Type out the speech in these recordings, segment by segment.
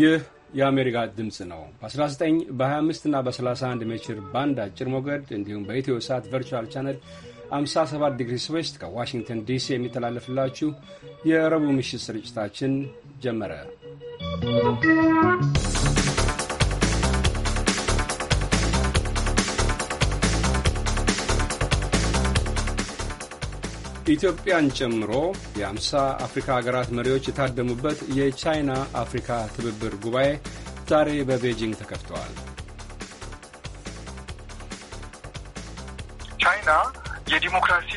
ይህ የአሜሪካ ድምፅ ነው። በ19 በ25 እና በ31 ሜትር ባንድ አጭር ሞገድ እንዲሁም በኢትዮ ሳት ቨርቹዋል ቻነል 57 ዲግሪ ስዌስት ከዋሽንግተን ዲሲ የሚተላለፍላችሁ የረቡዕ ምሽት ስርጭታችን ጀመረ። ኢትዮጵያን ጨምሮ የአምሳ አፍሪካ ሀገራት መሪዎች የታደሙበት የቻይና አፍሪካ ትብብር ጉባኤ ዛሬ በቤጂንግ ተከፍተዋል። ቻይና የዲሞክራሲ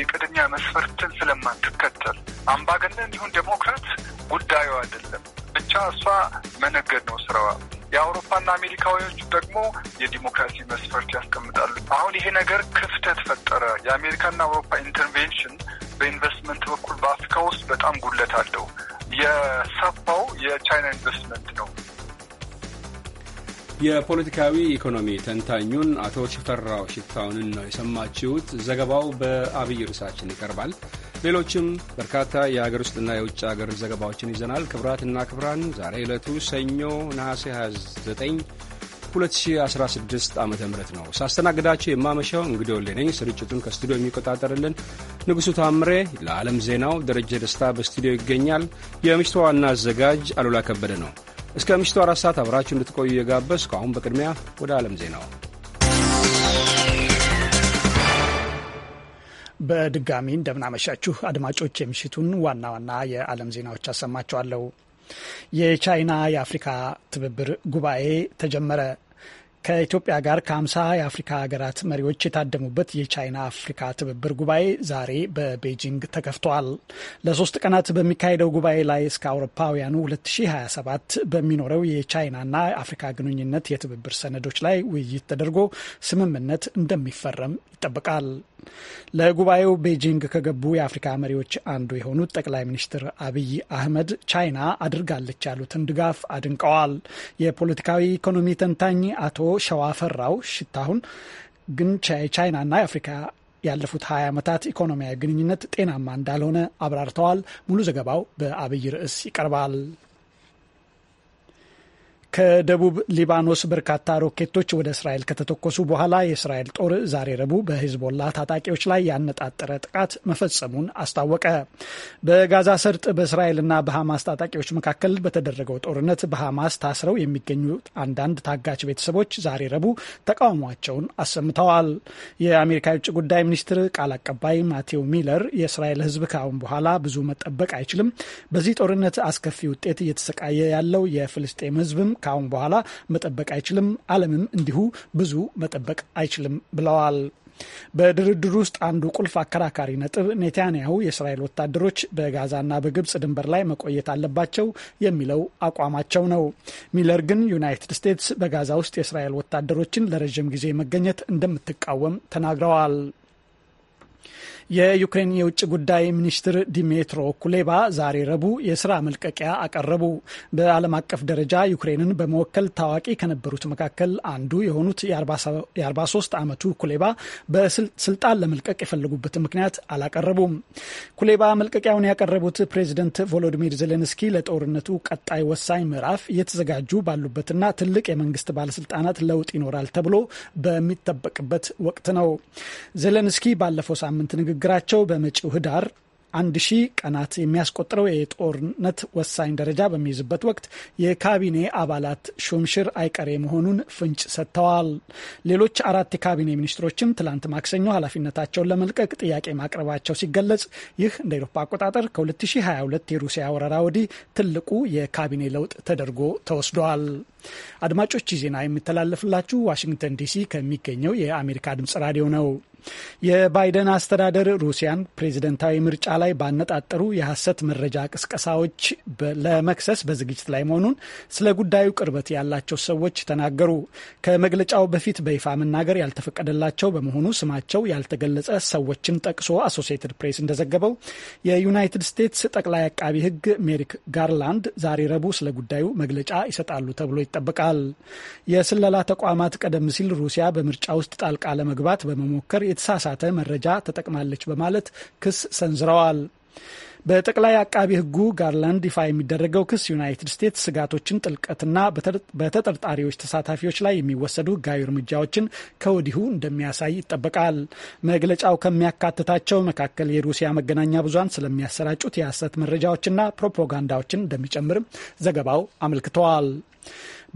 የቅድሚያ መስፈርትን ስለማትከተል አምባገነን እንዲሁም ዴሞክራት ጉዳዩ አይደለም። ብቻ እሷ መነገድ ነው ስራዋ። የአውሮፓና አሜሪካዎቹ ደግሞ የዲሞክራሲ መስፈርት ያስቀምጣሉ። አሁን ይሄ ነገር ክፍተት ፈጠረ። የአሜሪካና አውሮፓ ኢንተርቬንሽን በኢንቨስትመንት በኩል በአፍሪካ ውስጥ በጣም ጉለት አለው። የሰፋው የቻይና ኢንቨስትመንት ነው። የፖለቲካዊ ኢኮኖሚ ተንታኙን አቶ ሽፈራው ሽታውንን ነው የሰማችሁት። ዘገባው በአብይ ርዕሳችን ይቀርባል። ሌሎችም በርካታ የአገር ውስጥና የውጭ አገር ዘገባዎችን ይዘናል። ክብራትና ክብራን ዛሬ ዕለቱ ሰኞ ነሐሴ 29 2016 ዓ ም ነው። ሳስተናግዳቸው የማመሻው እንግዲህ ወሌ ነኝ። ስርጭቱን ከስቱዲዮ የሚቆጣጠርልን ንጉሡ ታምሬ፣ ለዓለም ዜናው ደረጀ ደስታ በስቱዲዮ ይገኛል። የምሽቱ ዋና አዘጋጅ አሉላ ከበደ ነው። እስከ ምሽቱ አራት ሰዓት አብራችሁ እንድትቆዩ የጋበዝኩ አሁን በቅድሚያ ወደ ዓለም ዜናው በድጋሚ እንደምናመሻችሁ አድማጮች፣ የምሽቱን ዋና ዋና የዓለም ዜናዎች አሰማችኋለሁ። የቻይና የአፍሪካ ትብብር ጉባኤ ተጀመረ። ከኢትዮጵያ ጋር ከአምሳ የአፍሪካ ሀገራት መሪዎች የታደሙበት የቻይና አፍሪካ ትብብር ጉባኤ ዛሬ በቤጂንግ ተከፍቷል። ለሶስት ቀናት በሚካሄደው ጉባኤ ላይ እስከ አውሮፓውያኑ 2027 በሚኖረው የቻይናና አፍሪካ ግንኙነት የትብብር ሰነዶች ላይ ውይይት ተደርጎ ስምምነት እንደሚፈረም ይጠበቃል። ለጉባኤው ቤጂንግ ከገቡ የአፍሪካ መሪዎች አንዱ የሆኑት ጠቅላይ ሚኒስትር አብይ አህመድ ቻይና አድርጋለች ያሉትን ድጋፍ አድንቀዋል። የፖለቲካዊ ኢኮኖሚ ተንታኝ አቶ ሸዋ ፈራው ሽታሁን ግን የቻይናና የአፍሪካ ያለፉት 20 ዓመታት ኢኮኖሚያዊ ግንኙነት ጤናማ እንዳልሆነ አብራርተዋል። ሙሉ ዘገባው በአብይ ርዕስ ይቀርባል። ከደቡብ ሊባኖስ በርካታ ሮኬቶች ወደ እስራኤል ከተተኮሱ በኋላ የእስራኤል ጦር ዛሬ ረቡዕ በሂዝቦላ ታጣቂዎች ላይ ያነጣጠረ ጥቃት መፈጸሙን አስታወቀ። በጋዛ ሰርጥ በእስራኤልና በሐማስ ታጣቂዎች መካከል በተደረገው ጦርነት በሐማስ ታስረው የሚገኙ አንዳንድ ታጋች ቤተሰቦች ዛሬ ረቡዕ ተቃውሟቸውን አሰምተዋል። የአሜሪካ የውጭ ጉዳይ ሚኒስትር ቃል አቀባይ ማቴው ሚለር የእስራኤል ሕዝብ ከአሁን በኋላ ብዙ መጠበቅ አይችልም፣ በዚህ ጦርነት አስከፊ ውጤት እየተሰቃየ ያለው የፍልስጤም ሕዝብም ከአሁን በኋላ መጠበቅ አይችልም፣ ዓለምም እንዲሁ ብዙ መጠበቅ አይችልም ብለዋል። በድርድር ውስጥ አንዱ ቁልፍ አከራካሪ ነጥብ ኔታንያሁ የእስራኤል ወታደሮች በጋዛና በግብጽ ድንበር ላይ መቆየት አለባቸው የሚለው አቋማቸው ነው። ሚለር ግን ዩናይትድ ስቴትስ በጋዛ ውስጥ የእስራኤል ወታደሮችን ለረዥም ጊዜ መገኘት እንደምትቃወም ተናግረዋል። የዩክሬን የውጭ ጉዳይ ሚኒስትር ዲሜትሮ ኩሌባ ዛሬ ረቡዕ የስራ መልቀቂያ አቀረቡ። በዓለም አቀፍ ደረጃ ዩክሬንን በመወከል ታዋቂ ከነበሩት መካከል አንዱ የሆኑት የ43 ዓመቱ ኩሌባ በስልጣን ለመልቀቅ የፈለጉበት ምክንያት አላቀረቡም። ኩሌባ መልቀቂያውን ያቀረቡት ፕሬዚደንት ቮሎዲሚር ዜሌንስኪ ለጦርነቱ ቀጣይ ወሳኝ ምዕራፍ እየተዘጋጁ ባሉበትና ትልቅ የመንግስት ባለስልጣናት ለውጥ ይኖራል ተብሎ በሚጠበቅበት ወቅት ነው። ዜሌንስኪ ባለፈው ሳምንት ንግግ ንግግራቸው በመጪው ህዳር አንድ ሺህ ቀናት የሚያስቆጥረው የጦርነት ወሳኝ ደረጃ በሚይዝበት ወቅት የካቢኔ አባላት ሹምሽር አይቀሬ መሆኑን ፍንጭ ሰጥተዋል። ሌሎች አራት የካቢኔ ሚኒስትሮችም ትላንት ማክሰኞ ኃላፊነታቸውን ለመልቀቅ ጥያቄ ማቅረባቸው ሲገለጽ ይህ እንደ ኤሮፓ አቆጣጠር ከ2022 የሩሲያ ወረራ ወዲህ ትልቁ የካቢኔ ለውጥ ተደርጎ ተወስዷል። አድማጮች ዜና የሚተላለፍላችሁ ዋሽንግተን ዲሲ ከሚገኘው የአሜሪካ ድምጽ ራዲዮ ነው። የባይደን አስተዳደር ሩሲያን ፕሬዚደንታዊ ምርጫ ላይ ባነጣጠሩ የሐሰት መረጃ ቅስቀሳዎች ለመክሰስ በዝግጅት ላይ መሆኑን ስለ ጉዳዩ ቅርበት ያላቸው ሰዎች ተናገሩ። ከመግለጫው በፊት በይፋ መናገር ያልተፈቀደላቸው በመሆኑ ስማቸው ያልተገለጸ ሰዎችን ጠቅሶ አሶሲየትድ ፕሬስ እንደዘገበው የዩናይትድ ስቴትስ ጠቅላይ አቃቢ ሕግ ሜሪክ ጋርላንድ ዛሬ ረቡዕ ስለ ጉዳዩ መግለጫ ይሰጣሉ ተብሎ ይጠበቃል። የስለላ ተቋማት ቀደም ሲል ሩሲያ በምርጫ ውስጥ ጣልቃ ለመግባት በመሞከር የተሳሳተ መረጃ ተጠቅማለች በማለት ክስ ሰንዝረዋል። በጠቅላይ አቃቢ ሕጉ ጋርላንድ ይፋ የሚደረገው ክስ ዩናይትድ ስቴትስ ስጋቶችን ጥልቀትና በተጠርጣሪዎች ተሳታፊዎች ላይ የሚወሰዱ ሕጋዊ እርምጃዎችን ከወዲሁ እንደሚያሳይ ይጠበቃል። መግለጫው ከሚያካትታቸው መካከል የሩሲያ መገናኛ ብዙሃን ስለሚያሰራጩት የሐሰት መረጃዎችና ፕሮፓጋንዳዎችን እንደሚጨምርም ዘገባው አመልክተዋል።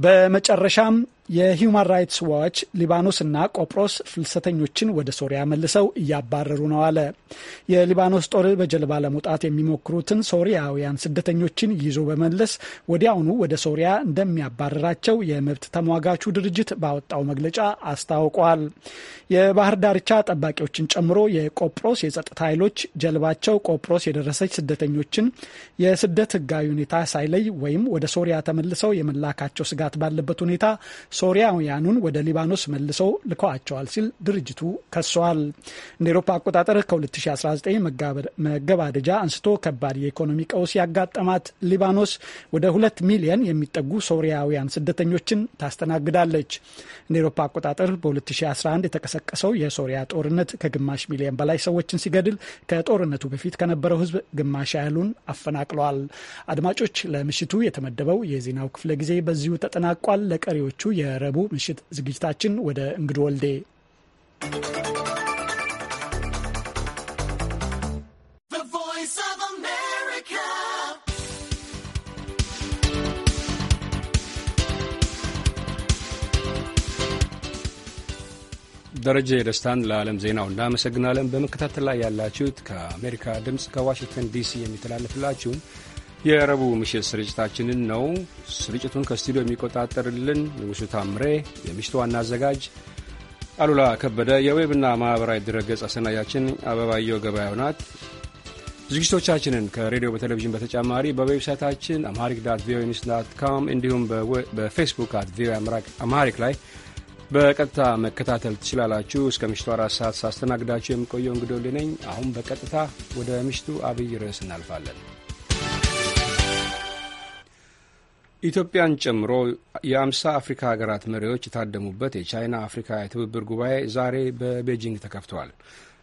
በመጨረሻም የሂውማን ራይትስ ዋች ሊባኖስና ቆጵሮስ ፍልሰተኞችን ወደ ሶሪያ መልሰው እያባረሩ ነው አለ። የሊባኖስ ጦር በጀልባ ለመውጣት የሚሞክሩትን ሶሪያውያን ስደተኞችን ይዞ በመለስ ወዲያውኑ ወደ ሶሪያ እንደሚያባረራቸው የመብት ተሟጋቹ ድርጅት ባወጣው መግለጫ አስታውቋል። የባህር ዳርቻ ጠባቂዎችን ጨምሮ የቆጵሮስ የጸጥታ ኃይሎች ጀልባቸው ቆጵሮስ የደረሰች ስደተኞችን የስደት ህጋዊ ሁኔታ ሳይለይ ወይም ወደ ሶሪያ ተመልሰው የመላካቸው ስጋት ባለበት ሁኔታ ሶሪያውያኑን ወደ ሊባኖስ መልሰው ልከዋቸዋል ሲል ድርጅቱ ከሷል። እንደ ኤሮፓ አቆጣጠር ከ2019 መገባደጃ አንስቶ ከባድ የኢኮኖሚ ቀውስ ያጋጠማት ሊባኖስ ወደ ሁለት ሚሊየን የሚጠጉ ሶሪያውያን ስደተኞችን ታስተናግዳለች። እንደ ኤሮፓ አቆጣጠር በ2011 የተቀሰቀሰው የሶሪያ ጦርነት ከግማሽ ሚሊየን በላይ ሰዎችን ሲገድል ከጦርነቱ በፊት ከነበረው ህዝብ ግማሽ ያህሉን አፈናቅለዋል። አድማጮች፣ ለምሽቱ የተመደበው የዜናው ክፍለ ጊዜ በዚሁ ተጠናቋል። ለቀሪዎቹ የ የረቡዕ ምሽት ዝግጅታችን ወደ እንግድ ወልዴ ደረጀ የደስታን ለዓለም ዜናው እናመሰግናለን። በመከታተል ላይ ያላችሁት ከአሜሪካ ድምፅ ከዋሽንግተን ዲሲ የሚተላለፍላችሁን የረቡዕ ምሽት ስርጭታችንን ነው። ስርጭቱን ከስቱዲዮ የሚቆጣጠርልን ንጉሡ ታምሬ፣ የምሽቱ ዋና አዘጋጅ አሉላ ከበደ፣ የዌብና ማኅበራዊ ድረገጽ አሰናጃችን አበባየው ገበያው ናት። ዝግጅቶቻችንን ከሬዲዮ በቴሌቪዥን በተጨማሪ በዌብሳይታችን አማሪክ ዳት ቪኦኤ ኒውስ ዳት ካም እንዲሁም በፌስቡክ አት ቪኦኤ አማሪክ ላይ በቀጥታ መከታተል ትችላላችሁ። እስከ ምሽቱ አራት ሰዓት ሳስተናግዳችሁ የምቆየው እንግዶልነኝ። አሁን በቀጥታ ወደ ምሽቱ አብይ ርዕስ እናልፋለን። ኢትዮጵያን ጨምሮ የአምሳ አፍሪካ ሀገራት መሪዎች የታደሙበት የቻይና አፍሪካ የትብብር ጉባኤ ዛሬ በቤጂንግ ተከፍተዋል።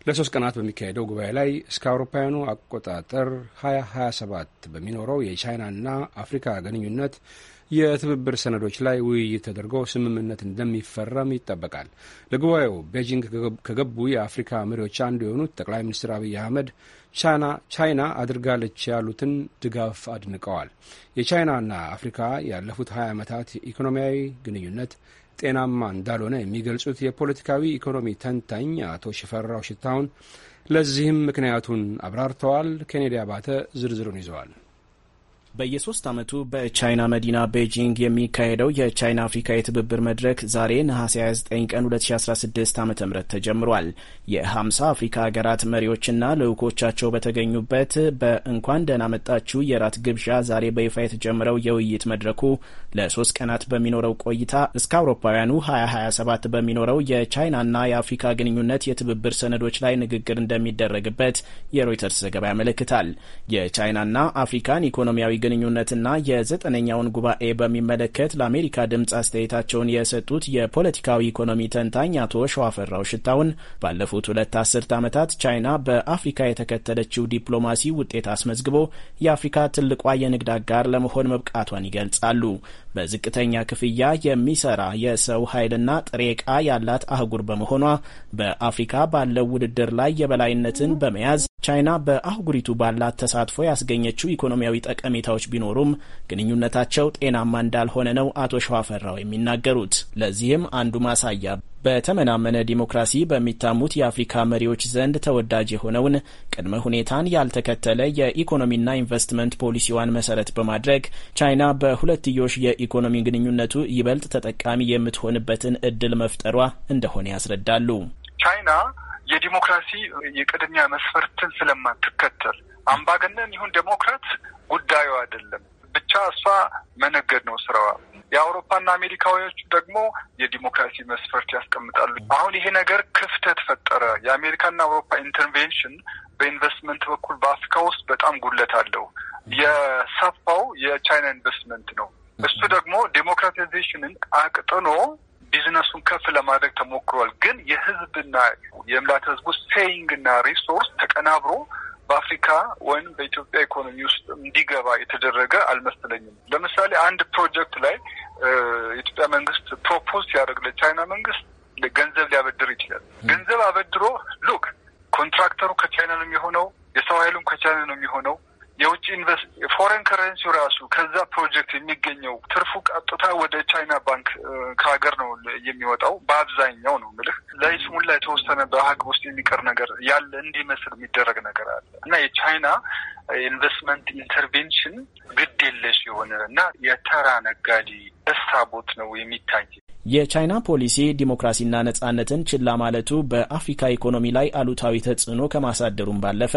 ለሶስት ቀናት በሚካሄደው ጉባኤ ላይ እስከ አውሮፓውያኑ አቆጣጠር 2027 በሚኖረው የቻይናና አፍሪካ ግንኙነት የትብብር ሰነዶች ላይ ውይይት ተደርጎ ስምምነት እንደሚፈረም ይጠበቃል። ለጉባኤው ቤጂንግ ከገቡ የአፍሪካ መሪዎች አንዱ የሆኑት ጠቅላይ ሚኒስትር አብይ አህመድ ቻይና ቻይና አድርጋለች ያሉትን ድጋፍ አድንቀዋል። የቻይናና አፍሪካ ያለፉት 20 ዓመታት ኢኮኖሚያዊ ግንኙነት ጤናማ እንዳልሆነ የሚገልጹት የፖለቲካዊ ኢኮኖሚ ተንታኝ አቶ ሽፈራው ሽታውን ለዚህም ምክንያቱን አብራርተዋል። ኬኔዲ አባተ ዝርዝሩን ይዘዋል። በየሶስት ዓመቱ በቻይና መዲና ቤጂንግ የሚካሄደው የቻይና አፍሪካ የትብብር መድረክ ዛሬ ነሐሴ 29 ቀን 2016 ዓ ም ተጀምሯል። የ50 አፍሪካ ሀገራት መሪዎችና ልዑኮቻቸው በተገኙበት በእንኳን ደህና መጣችሁ የራት ግብዣ ዛሬ በይፋ የተጀመረው የውይይት መድረኩ ለሶስት ቀናት በሚኖረው ቆይታ እስከ አውሮፓውያኑ 2027 በሚኖረው የቻይናና የአፍሪካ ግንኙነት የትብብር ሰነዶች ላይ ንግግር እንደሚደረግበት የሮይተርስ ዘገባ ያመለክታል። የቻይናና አፍሪካን ኢኮኖሚያዊ ግንኙነትና የዘጠነኛውን ጉባኤ በሚመለከት ለአሜሪካ ድምፅ አስተያየታቸውን የሰጡት የፖለቲካዊ ኢኮኖሚ ተንታኝ አቶ ሸዋፈራው ሽታውን ባለፉት ሁለት አስርት ዓመታት ቻይና በአፍሪካ የተከተለችው ዲፕሎማሲ ውጤት አስመዝግቦ የአፍሪካ ትልቋ የንግድ አጋር ለመሆን መብቃቷን ይገልጻሉ። በዝቅተኛ ክፍያ የሚሰራ የሰው ኃይልና ጥሬ ዕቃ ያላት አህጉር በመሆኗ በአፍሪካ ባለው ውድድር ላይ የበላይነትን በመያዝ ቻይና በአህጉሪቱ ባላት ተሳትፎ ያስገኘችው ኢኮኖሚያዊ ጠቀሜታዎች ቢኖሩም ግንኙነታቸው ጤናማ እንዳልሆነ ነው አቶ ሸዋፈራው የሚናገሩት። ለዚህም አንዱ ማሳያ በተመናመነ ዲሞክራሲ በሚታሙት የአፍሪካ መሪዎች ዘንድ ተወዳጅ የሆነውን ቅድመ ሁኔታን ያልተከተለ የኢኮኖሚና ኢንቨስትመንት ፖሊሲዋን መሰረት በማድረግ ቻይና በሁለትዮሽ የኢኮኖሚ ግንኙነቱ ይበልጥ ተጠቃሚ የምትሆንበትን እድል መፍጠሯ እንደሆነ ያስረዳሉ። ቻይና የዲሞክራሲ የቅድሚያ መስፈርትን ስለማትከተል አምባገነን ይሁን ዴሞክራት ጉዳዩ አይደለም። ብቻ እሷ መነገድ ነው ስራዋ። የአውሮፓና አሜሪካዎች ደግሞ የዲሞክራሲ መስፈርት ያስቀምጣሉ። አሁን ይሄ ነገር ክፍተት ፈጠረ። የአሜሪካና አውሮፓ ኢንተርቬንሽን በኢንቨስትመንት በኩል በአፍሪካ ውስጥ በጣም ጉለት አለው። የሰፋው የቻይና ኢንቨስትመንት ነው። እሱ ደግሞ ዴሞክራቲዜሽንን አቅጥኖ ቢዝነሱን ከፍ ለማድረግ ተሞክሯል። ግን የህዝብና የምላተ ህዝቡ ሴይንግና ሪሶርስ ተቀናብሮ በአፍሪካ ወይም በኢትዮጵያ ኢኮኖሚ ውስጥ እንዲገባ የተደረገ አልመሰለኝም። ለምሳሌ አንድ ፕሮጀክት ላይ የኢትዮጵያ መንግስት ፕሮፖዝ ሲያደርግ ለቻይና መንግስት ገንዘብ ሊያበድር ይችላል። ገንዘብ አበድሮ ሉክ ኮንትራክተሩ ከቻይና ነው የሚሆነው፣ የሰው ኃይሉም ከቻይና ነው የሚሆነው የውጭ ኢንቨስት ፎሬን ከረንሲው ራሱ ከዛ ፕሮጀክት የሚገኘው ትርፉ ቀጥታ ወደ ቻይና ባንክ ከሀገር ነው የሚወጣው በአብዛኛው ነው ምልህ ለይስሙላ የተወሰነ በሀግ ውስጥ የሚቀር ነገር ያለ እንዲመስል የሚደረግ ነገር አለ እና የቻይና ኢንቨስትመንት ኢንተርቬንሽን ግድ የለሽ የሆነ እና የተራ ነጋዴ ደስታ ቦት ነው የሚታይ የቻይና ፖሊሲ ዲሞክራሲና ነጻነትን ችላ ማለቱ በአፍሪካ ኢኮኖሚ ላይ አሉታዊ ተጽዕኖ ከማሳደሩም ባለፈ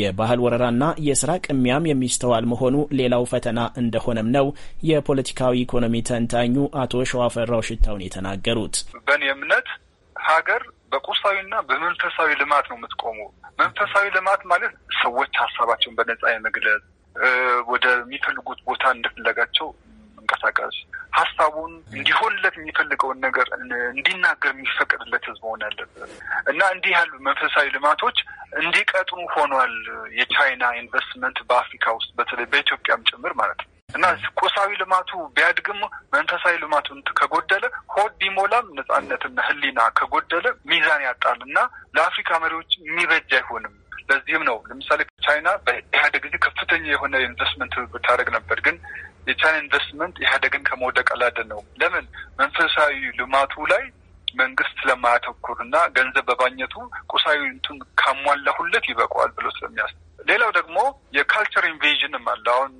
የባህል ወረራና የስራ ቅሚያም የሚስተዋል መሆኑ ሌላው ፈተና እንደሆነም ነው የፖለቲካዊ ኢኮኖሚ ተንታኙ አቶ ሸዋፈራው ሽታውን የተናገሩት። በእኔ እምነት ሀገር በቁሳዊና በመንፈሳዊ ልማት ነው የምትቆሙ። መንፈሳዊ ልማት ማለት ሰዎች ሀሳባቸውን በነጻ የመግለጽ ወደሚፈልጉት ቦታ እንደፈለጋቸው እንዲንቀሳቀስ ሀሳቡን እንዲሆንለት የሚፈልገውን ነገር እንዲናገር የሚፈቀድለት ህዝብ መሆን አለበት እና እንዲህ ያሉ መንፈሳዊ ልማቶች እንዲቀጥኑ ሆኗል። የቻይና ኢንቨስትመንት በአፍሪካ ውስጥ በተለይ በኢትዮጵያም ጭምር ማለት ነው እና ቁሳዊ ልማቱ ቢያድግም መንፈሳዊ ልማቱን ከጎደለ ሆድ ቢሞላም ነጻነትና ህሊና ከጎደለ ሚዛን ያጣል እና ለአፍሪካ መሪዎች የሚበጅ አይሆንም። ለዚህም ነው ለምሳሌ ቻይና በኢህአደግ ጊዜ ከፍተኛ የሆነ ኢንቨስትመንት ትብብር ነበር ግን የቻይና ኢንቨስትመንት ኢህአደግን ከመውደቅ አላደ ነው። ለምን መንፈሳዊ ልማቱ ላይ መንግስት ስለማያተኩር እና ገንዘብ በባኘቱ ቁሳዊ እንትን ካሟላ ይበቀዋል ብሎ ስለሚያስ ሌላው ደግሞ የካልቸር ኢንቬዥንም አለ። አሁን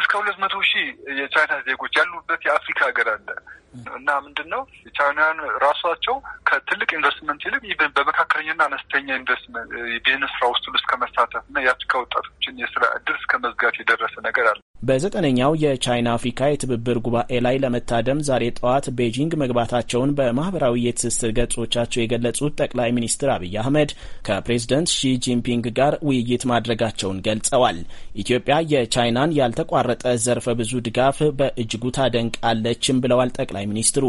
እስከ ሁለት መቶ ሺህ የቻይና ዜጎች ያሉበት የአፍሪካ ሀገር አለ እና ምንድን ነው የቻይናውያን ራሷቸው ከትልቅ ኢንቨስትመንት ይልቅ ኢቨን በመካከለኛና አነስተኛ ኢንቨስትመንት ቢዝነስ ስራ ውስጥ ሁሉ እስከ መሳተፍ እና የአፍሪካ ወጣቶችን የስራ እድል እስከ መዝጋት የደረሰ ነገር አለ። በዘጠነኛው የቻይና አፍሪካ የትብብር ጉባኤ ላይ ለመታደም ዛሬ ጠዋት ቤጂንግ መግባታቸውን በማህበራዊ የትስስር ገጾቻቸው የገለጹት ጠቅላይ ሚኒስትር አብይ አህመድ ከፕሬዝደንት ሺ ጂንፒንግ ጋር ውይይት ማድረጋቸውን ገልጸዋል። ኢትዮጵያ የቻይናን ያልተቋረጠ ዘርፈ ብዙ ድጋፍ በእጅጉ ታደንቃለችም ብለዋል ጠቅላይ ሚኒስትሩ።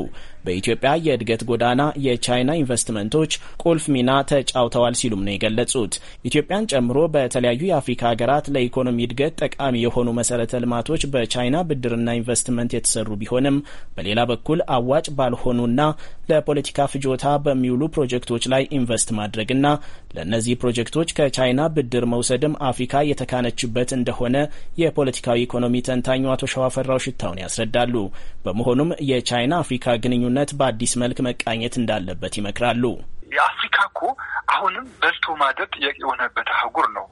በኢትዮጵያ የእድገት ጎዳና የቻይና ኢንቨስትመንቶች ቁልፍ ሚና ተጫውተዋል ሲሉም ነው የገለጹት። ኢትዮጵያን ጨምሮ በተለያዩ የአፍሪካ ሀገራት ለኢኮኖሚ እድገት ጠቃሚ የሆኑ መሰረተ ልማቶች በቻይና ብድርና ኢንቨስትመንት የተሰሩ ቢሆንም በሌላ በኩል አዋጭ ባልሆኑና ለፖለቲካ ፍጆታ በሚውሉ ፕሮጀክቶች ላይ ኢንቨስት ማድረግና ለእነዚህ ፕሮጀክቶች ከቻይና ብድር መውሰድም አፍሪካ የተካነችበት እንደሆነ የፖለቲካዊ ኢኮኖሚ ተንታኙ አቶ ሸዋፈራው ሽታውን ያስረዳሉ። በመሆኑም የቻይና አፍሪካ ግንኙ ግንኙነት በአዲስ መልክ መቃኘት እንዳለበት ይመክራሉ። የአፍሪካ እኮ አሁንም በልቶ ማደግ ጥያቄ የሆነበት አህጉር ነው።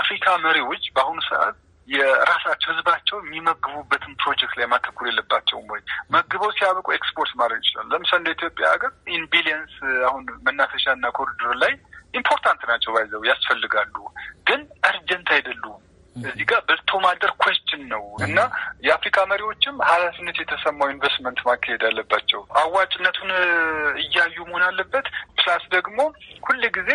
አፍሪካ መሪዎች በአሁኑ ሰዓት የራሳቸው ህዝባቸው የሚመግቡበትን ፕሮጀክት ላይ ማተኩር የለባቸውም ወይ? መግበው ሲያበቁ ኤክስፖርት ማድረግ ይችላል። ለምሳሌ እንደ ኢትዮጵያ ሀገር ኢን ቢሊየንስ አሁን መናፈሻና ኮሪዶር ላይ ኢምፖርታንት ናቸው፣ ባይዘው ያስፈልጋሉ፣ ግን እርጀንት አይደሉም። እዚህ ጋር በልቶ ማደር ሀገራችን ነው እና የአፍሪካ መሪዎችም ኃላፊነት የተሰማው ኢንቨስትመንት ማካሄድ አለባቸው። አዋጭነቱን እያዩ መሆን አለበት። ፕላስ ደግሞ ሁል ጊዜ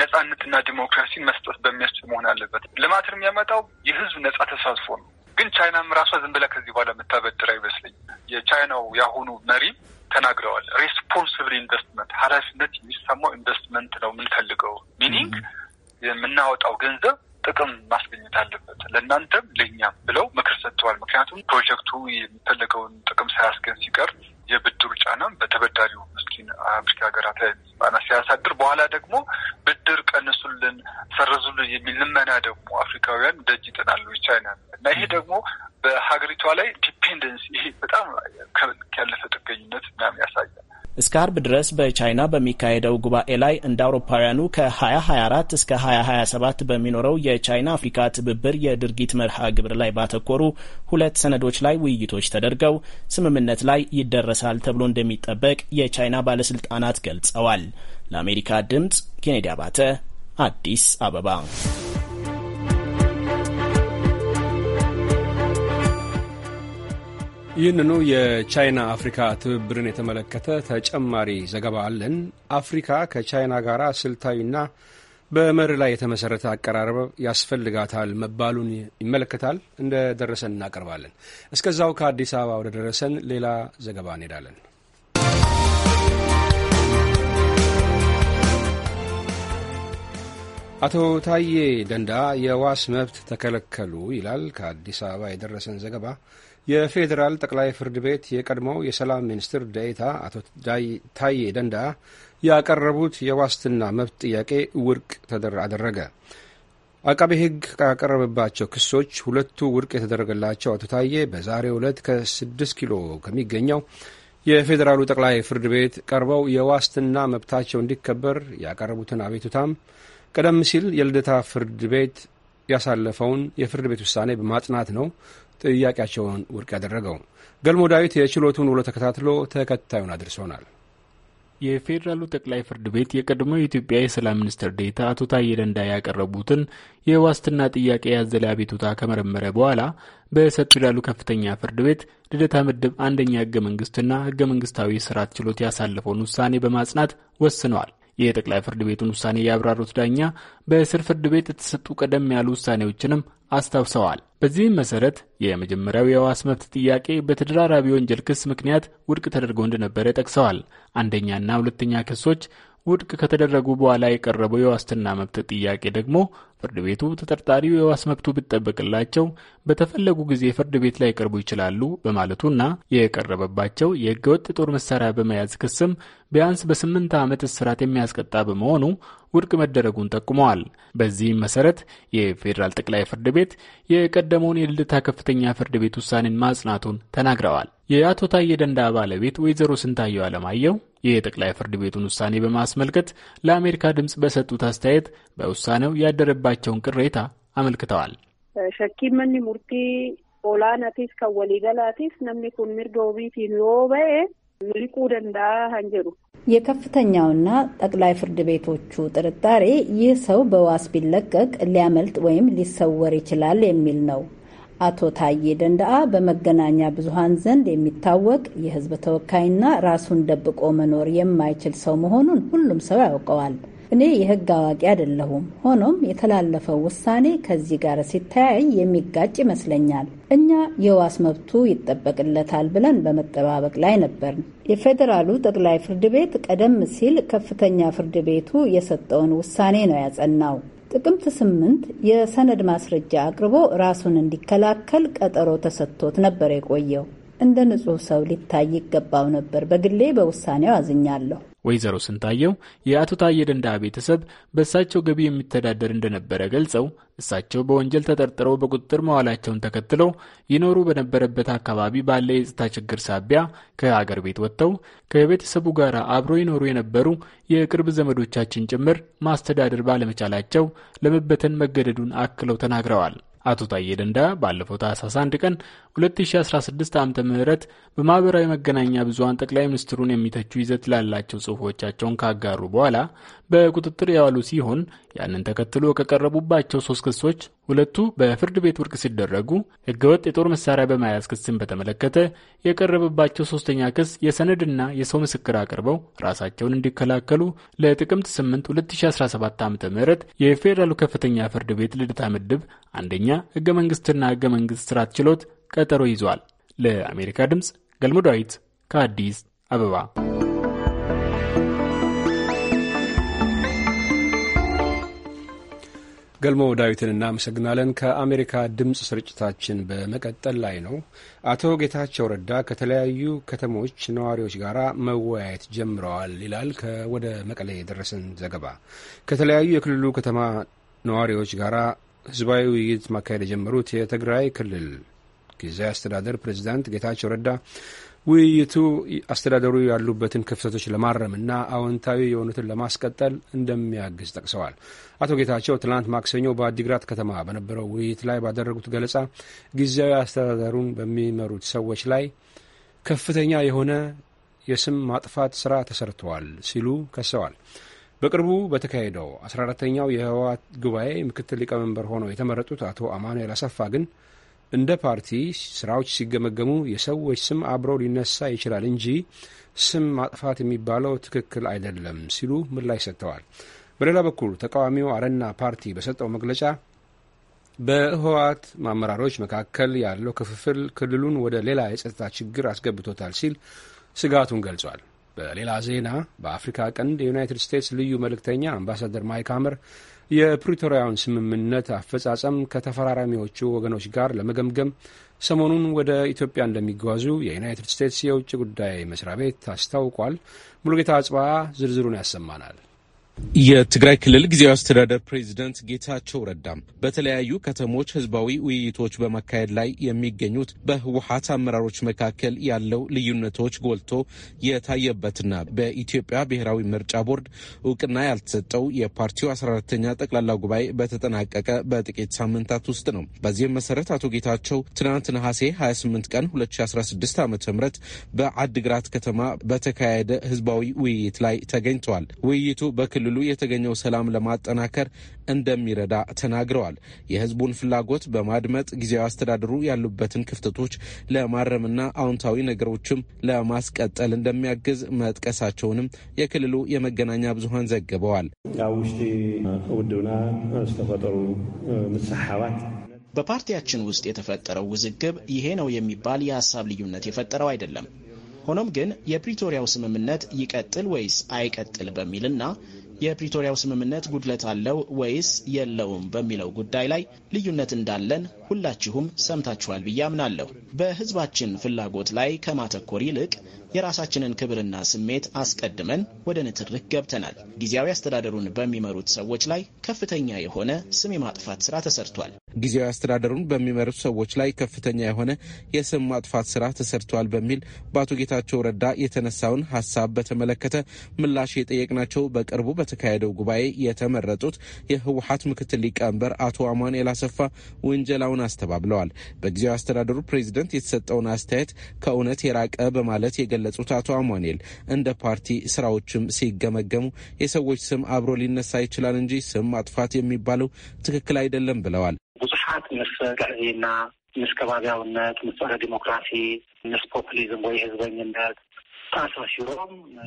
ነጻነትና ዲሞክራሲን መስጠት በሚያስችል መሆን አለበት። ልማትን የሚያመጣው የህዝብ ነጻ ተሳትፎ ነው። ግን ቻይናም ራሷ ዝም ብላ ከዚህ በኋላ የምታበድር አይመስለኝ። የቻይናው የአሁኑ መሪ ተናግረዋል። ሬስፖንስብል ኢንቨስትመንት፣ ኃላፊነት የሚሰማው ኢንቨስትመንት ነው የምንፈልገው። ሚኒንግ የምናወጣው ገንዘብ ጥቅም ማስገኘት አለበት ለእናንተም ለእኛም ብለው ምክር ሰጥተዋል። ምክንያቱም ፕሮጀክቱ የሚፈለገውን ጥቅም ሳያስገኝ ሲቀር የብድሩ ጫናም በተበዳሪው ምስኪን አፍሪካ ሀገራት ላይ ጫና ሲያሳድር በኋላ ደግሞ ብድር ቀንሱልን፣ ሰረዙልን የሚል ልመና ደግሞ አፍሪካውያን ደጅ ይጥናሉ ቻይና እና ይሄ ደግሞ በሀገሪቷ ላይ ዲፔንደንስ ይሄ በጣም ያለፈ ጥገኝነት ምናምን ያሳ እስከ አርብ ድረስ በቻይና በሚካሄደው ጉባኤ ላይ እንደ አውሮፓውያኑ ከ2024 እስከ 2027 በሚኖረው የቻይና አፍሪካ ትብብር የድርጊት መርሃ ግብር ላይ ባተኮሩ ሁለት ሰነዶች ላይ ውይይቶች ተደርገው ስምምነት ላይ ይደረሳል ተብሎ እንደሚጠበቅ የቻይና ባለስልጣናት ገልጸዋል። ለአሜሪካ ድምጽ ኬኔዲ አባተ አዲስ አበባ ይህንኑ የቻይና አፍሪካ ትብብርን የተመለከተ ተጨማሪ ዘገባ አለን። አፍሪካ ከቻይና ጋር ስልታዊና በመርህ ላይ የተመሰረተ አቀራረብ ያስፈልጋታል መባሉን ይመለከታል። እንደ ደረሰን እናቀርባለን። እስከዛው ከአዲስ አበባ ወደ ደረሰን ሌላ ዘገባ እንሄዳለን። አቶ ታዬ ደንዳ የዋስ መብት ተከለከሉ ይላል ከአዲስ አበባ የደረሰን ዘገባ። የፌዴራል ጠቅላይ ፍርድ ቤት የቀድሞው የሰላም ሚኒስትር ደኤታ አቶ ታዬ ደንዳ ያቀረቡት የዋስትና መብት ጥያቄ ውድቅ አደረገ። አቃቤ ሕግ ካቀረበባቸው ክሶች ሁለቱ ውድቅ የተደረገላቸው አቶ ታዬ በዛሬው ዕለት ከስድስት ኪሎ ከሚገኘው የፌዴራሉ ጠቅላይ ፍርድ ቤት ቀርበው የዋስትና መብታቸው እንዲከበር ያቀረቡትን አቤቱታም ቀደም ሲል የልደታ ፍርድ ቤት ያሳለፈውን የፍርድ ቤት ውሳኔ በማጽናት ነው ጥያቄያቸውን ውድቅ ያደረገው። ገልሞ ዳዊት የችሎቱን ውሎ ተከታትሎ ተከታዩን አድርሶናል። የፌዴራሉ ጠቅላይ ፍርድ ቤት የቀድሞው የኢትዮጵያ የሰላም ሚኒስትር ዴታ አቶ ታዬ ደንዳ ያቀረቡትን የዋስትና ጥያቄ ያዘለ አቤቱታ ከመረመረ በኋላ በሰጡ ላሉ ከፍተኛ ፍርድ ቤት ልደታ ምድብ አንደኛ ህገ መንግስትና ህገ መንግስታዊ ስርዓት ችሎት ያሳለፈውን ውሳኔ በማጽናት ወስነዋል። የጠቅላይ ፍርድ ቤቱን ውሳኔ ያብራሩት ዳኛ በእስር ፍርድ ቤት የተሰጡ ቀደም ያሉ ውሳኔዎችንም አስታውሰዋል። በዚህም መሰረት የመጀመሪያው የዋስ መብት ጥያቄ በተደራራቢ ወንጀል ክስ ምክንያት ውድቅ ተደርጎ እንደነበረ ጠቅሰዋል። አንደኛና ሁለተኛ ክሶች ውድቅ ከተደረጉ በኋላ የቀረበው የዋስትና መብት ጥያቄ ደግሞ ፍርድ ቤቱ ተጠርጣሪው የዋስ መብቱ ቢጠበቅላቸው በተፈለጉ ጊዜ ፍርድ ቤት ላይ ይቀርቡ ይችላሉ በማለቱና የቀረበባቸው የህገወጥ የጦር መሳሪያ በመያዝ ክስም ቢያንስ በስምንት ዓመት እስራት የሚያስቀጣ በመሆኑ ውድቅ መደረጉን ጠቁመዋል። በዚህም መሰረት የፌዴራል ጠቅላይ ፍርድ ቤት የቀደመውን የልደታ ከፍተኛ ፍርድ ቤት ውሳኔን ማጽናቱን ተናግረዋል። የአቶ ታዬ ደንዳ ባለቤት ወይዘሮ ስንታየው አለማየሁ ይህ የጠቅላይ ፍርድ ቤቱን ውሳኔ በማስመልከት ለአሜሪካ ድምፅ በሰጡት አስተያየት በውሳኔው ያደረባቸውን ቅሬታ አመልክተዋል። ሸኪመኒ ሙርቲ ኦላናቲስ ከወሊገላቲስ ነምኒ ኩን ሚርጋ ኦቢቲን ደንዳ አንጀሩ የከፍተኛውና ጠቅላይ ፍርድ ቤቶቹ ጥርጣሬ ይህ ሰው በዋስ ቢለቀቅ ሊያመልጥ ወይም ሊሰወር ይችላል የሚል ነው። አቶ ታዬ ደንዳአ በመገናኛ ብዙሃን ዘንድ የሚታወቅ የሕዝብ ተወካይና ራሱን ደብቆ መኖር የማይችል ሰው መሆኑን ሁሉም ሰው ያውቀዋል። እኔ የህግ አዋቂ አይደለሁም። ሆኖም የተላለፈው ውሳኔ ከዚህ ጋር ሲተያይ የሚጋጭ ይመስለኛል። እኛ የዋስ መብቱ ይጠበቅለታል ብለን በመጠባበቅ ላይ ነበር። የፌዴራሉ ጠቅላይ ፍርድ ቤት ቀደም ሲል ከፍተኛ ፍርድ ቤቱ የሰጠውን ውሳኔ ነው ያጸናው። ጥቅምት ስምንት የሰነድ ማስረጃ አቅርቦ ራሱን እንዲከላከል ቀጠሮ ተሰጥቶት ነበር የቆየው። እንደ ንጹህ ሰው ሊታይ ይገባው ነበር። በግሌ በውሳኔው አዝኛለሁ። ወይዘሮ ስንታየው የአቶ ታዬ ደንዳ ቤተሰብ በእሳቸው ገቢ የሚተዳደር እንደነበረ ገልጸው እሳቸው በወንጀል ተጠርጥረው በቁጥጥር መዋላቸውን ተከትለው ይኖሩ በነበረበት አካባቢ ባለ የጸጥታ ችግር ሳቢያ ከአገር ቤት ወጥተው ከቤተሰቡ ጋር አብረው ይኖሩ የነበሩ የቅርብ ዘመዶቻችን ጭምር ማስተዳደር ባለመቻላቸው ለመበተን መገደዱን አክለው ተናግረዋል። አቶ ታዬ ደንዳ ባለፈው ታህሳስ አንድ ቀን 2016 ዓመተ ምህረት በማኅበራዊ መገናኛ ብዙሀን ጠቅላይ ሚኒስትሩን የሚተቹ ይዘት ላላቸው ጽሑፎቻቸውን ካጋሩ በኋላ በቁጥጥር የዋሉ ሲሆን ያንን ተከትሎ ከቀረቡባቸው ሶስት ክሶች ሁለቱ በፍርድ ቤት ውድቅ ሲደረጉ ህገወጥ የጦር መሳሪያ በመያዝ ክስን በተመለከተ የቀረበባቸው ሶስተኛ ክስ የሰነድና የሰው ምስክር አቅርበው ራሳቸውን እንዲከላከሉ ለጥቅምት 8 2017 ዓ ም የፌዴራሉ ከፍተኛ ፍርድ ቤት ልደታ ምድብ አንደኛ ሕገ መንግስትና ሕገ መንግስት ስርዓት ችሎት ቀጠሮ ይዟል። ለአሜሪካ ድምፅ ገልሞ ዳዊት ከአዲስ አበባ። ገልሞ ዳዊትን እናመሰግናለን። ከአሜሪካ ድምፅ ስርጭታችን በመቀጠል ላይ ነው። አቶ ጌታቸው ረዳ ከተለያዩ ከተሞች ነዋሪዎች ጋር መወያየት ጀምረዋል ይላል ወደ መቀሌ የደረሰን ዘገባ። ከተለያዩ የክልሉ ከተማ ነዋሪዎች ጋር ህዝባዊ ውይይት ማካሄድ የጀመሩት የትግራይ ክልል ጊዜያዊ አስተዳደር ፕሬዚዳንት ጌታቸው ረዳ ውይይቱ አስተዳደሩ ያሉበትን ክፍተቶች እና አዎንታዊ የሆኑትን ለማስቀጠል እንደሚያግዝ ጠቅሰዋል። አቶ ጌታቸው ትናንት ማክሰኞ በአዲግራት ከተማ በነበረው ውይይት ላይ ባደረጉት ገለጻ ጊዜያዊ አስተዳደሩን በሚመሩት ሰዎች ላይ ከፍተኛ የሆነ የስም ማጥፋት ስራ ተሰርተዋል ሲሉ ከሰዋል። በቅርቡ በተካሄደው 14ተኛው የህወሓት ጉባኤ ምክትል ሊቀመንበር ሆነው የተመረጡት አቶ አማኑኤል አሰፋ ግን እንደ ፓርቲ ስራዎች ሲገመገሙ የሰዎች ስም አብሮ ሊነሳ ይችላል እንጂ ስም ማጥፋት የሚባለው ትክክል አይደለም ሲሉ ምላሽ ሰጥተዋል። በሌላ በኩል ተቃዋሚው አረና ፓርቲ በሰጠው መግለጫ በህወሓት አመራሮች መካከል ያለው ክፍፍል ክልሉን ወደ ሌላ የጸጥታ ችግር አስገብቶታል ሲል ስጋቱን ገልጿል። በሌላ ዜና በአፍሪካ ቀንድ የዩናይትድ ስቴትስ ልዩ መልእክተኛ አምባሳደር ማይክ አመር። የፕሪቶሪያውን ስምምነት አፈጻጸም ከተፈራራሚዎቹ ወገኖች ጋር ለመገምገም ሰሞኑን ወደ ኢትዮጵያ እንደሚጓዙ የዩናይትድ ስቴትስ የውጭ ጉዳይ መስሪያ ቤት አስታውቋል። ሙሉጌታ አጽባ ዝርዝሩን ያሰማናል። የትግራይ ክልል ጊዜያዊ አስተዳደር ፕሬዚደንት ጌታቸው ረዳም በተለያዩ ከተሞች ህዝባዊ ውይይቶች በማካሄድ ላይ የሚገኙት በህወሀት አመራሮች መካከል ያለው ልዩነቶች ጎልቶ የታየበትና በኢትዮጵያ ብሔራዊ ምርጫ ቦርድ እውቅና ያልተሰጠው የፓርቲው 14ተኛ ጠቅላላ ጉባኤ በተጠናቀቀ በጥቂት ሳምንታት ውስጥ ነው። በዚህም መሰረት አቶ ጌታቸው ትናንት ነሐሴ 28 ቀን 2016 ዓ ም በአድግራት ከተማ በተካሄደ ህዝባዊ ውይይት ላይ ተገኝተዋል። ውይይቱ በክልሉ በክልሉ የተገኘው ሰላም ለማጠናከር እንደሚረዳ ተናግረዋል። የህዝቡን ፍላጎት በማድመጥ ጊዜያዊ አስተዳደሩ ያሉበትን ክፍተቶች ለማረምና አዎንታዊ ነገሮችም ለማስቀጠል እንደሚያግዝ መጥቀሳቸውንም የክልሉ የመገናኛ ብዙሀን ዘግበዋል። ኣብ ውሽጢ ውድብና ዝተፈጠሩ በፓርቲያችን ውስጥ የተፈጠረው ውዝግብ ይሄ ነው የሚባል የሀሳብ ልዩነት የፈጠረው አይደለም። ሆኖም ግን የፕሪቶሪያው ስምምነት ይቀጥል ወይስ አይቀጥል በሚልና የፕሪቶሪያው ስምምነት ጉድለት አለው ወይስ የለውም በሚለው ጉዳይ ላይ ልዩነት እንዳለን ሁላችሁም ሰምታችኋል ብዬ አምናለሁ። በህዝባችን ፍላጎት ላይ ከማተኮር ይልቅ የራሳችንን ክብርና ስሜት አስቀድመን ወደ ንትርክ ገብተናል። ጊዜያዊ አስተዳደሩን በሚመሩት ሰዎች ላይ ከፍተኛ የሆነ ስም የማጥፋት ስራ ተሰርቷል። ጊዜያዊ አስተዳደሩን በሚመሩት ሰዎች ላይ ከፍተኛ የሆነ የስም ማጥፋት ስራ ተሰርቷል በሚል በአቶ ጌታቸው ረዳ የተነሳውን ሀሳብ በተመለከተ ምላሽ የጠየቅናቸው በቅርቡ በተካሄደው ጉባኤ የተመረጡት የህወሀት ምክትል ሊቀመንበር አቶ አማኑኤል አሰፋ ውንጀላውን ስራውን አስተባብለዋል። በጊዜያዊ አስተዳደሩ ፕሬዚደንት የተሰጠውን አስተያየት ከእውነት የራቀ በማለት የገለጹት አቶ አሟኔል እንደ ፓርቲ ስራዎችም ሲገመገሙ የሰዎች ስም አብሮ ሊነሳ ይችላል እንጂ ስም ማጥፋት የሚባለው ትክክል አይደለም ብለዋል። ብዙሀት ምስ ቅዕዜና ምስ ከባቢያውነት ምስ ጸረ ዲሞክራሲ ምስ ፖፑሊዝም ወይ ህዝበኝነት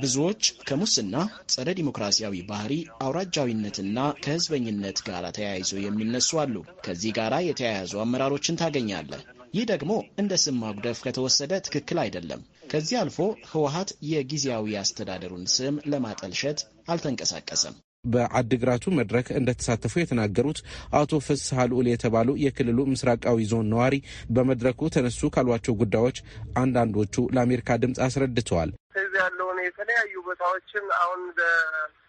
ብዙዎች ከሙስና ጸረ ዲሞክራሲያዊ ባህሪ አውራጃዊነትና ከህዝበኝነት ጋር ተያይዞ የሚነሱ አሉ። ከዚህ ጋር የተያያዙ አመራሮችን ታገኛለህ። ይህ ደግሞ እንደ ስም ማጉደፍ ከተወሰደ ትክክል አይደለም። ከዚህ አልፎ ህወሀት የጊዜያዊ አስተዳደሩን ስም ለማጠልሸት አልተንቀሳቀሰም። በአድግራቱ መድረክ እንደተሳተፉ የተናገሩት አቶ ፍስሐ ልዑል የተባሉ የክልሉ ምስራቃዊ ዞን ነዋሪ በመድረኩ ተነሱ ካሏቸው ጉዳዮች አንዳንዶቹ ለአሜሪካ ድምፅ አስረድተዋል። እዚህ ያለውን የተለያዩ ቦታዎችን አሁን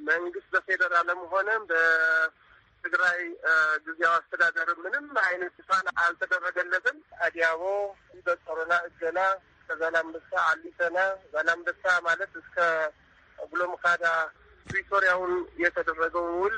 በመንግስት በፌዴራልም ሆነ በትግራይ ጊዜያዊ አስተዳደር ምንም አይነት ሽፋን አልተደረገለትም። አዲያቦ በጦሮና እገና ከዛላምበሳ አሊተና ዛላምበሳ ማለት እስከ ጉሎ ፕሪቶሪያውን የተደረገው ውል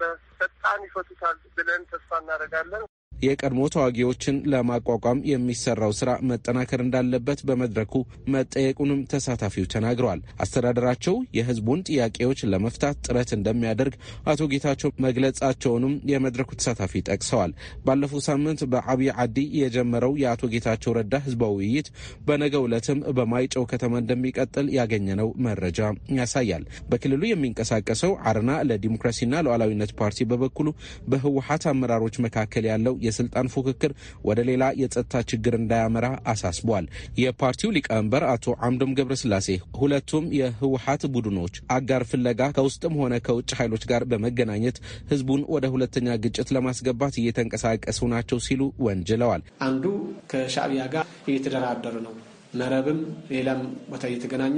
በፈጣን ይፈቱታል ብለን ተስፋ እናደርጋለን። የቀድሞ ተዋጊዎችን ለማቋቋም የሚሰራው ስራ መጠናከር እንዳለበት በመድረኩ መጠየቁንም ተሳታፊው ተናግረዋል። አስተዳደራቸው የህዝቡን ጥያቄዎች ለመፍታት ጥረት እንደሚያደርግ አቶ ጌታቸው መግለጻቸውንም የመድረኩ ተሳታፊ ጠቅሰዋል። ባለፈው ሳምንት በአብይ አዲ የጀመረው የአቶ ጌታቸው ረዳ ህዝባዊ ውይይት በነገው ዕለትም በማይጨው ከተማ እንደሚቀጥል ያገኘነው መረጃ ያሳያል። በክልሉ የሚንቀሳቀሰው አረና ለዲሞክራሲና ሉዓላዊነት ፓርቲ በበኩሉ በህወሀት አመራሮች መካከል ያለው የስልጣን ፉክክር ወደ ሌላ የጸጥታ ችግር እንዳያመራ አሳስቧል። የፓርቲው ሊቀመንበር አቶ አምዶም ገብረስላሴ ሁለቱም የህወሀት ቡድኖች አጋር ፍለጋ ከውስጥም ሆነ ከውጭ ኃይሎች ጋር በመገናኘት ህዝቡን ወደ ሁለተኛ ግጭት ለማስገባት እየተንቀሳቀሱ ናቸው ሲሉ ወንጅለዋል። አንዱ ከሻዕቢያ ጋር እየተደራደሩ ነው፣ መረብም ሌላም ቦታ እየተገናኙ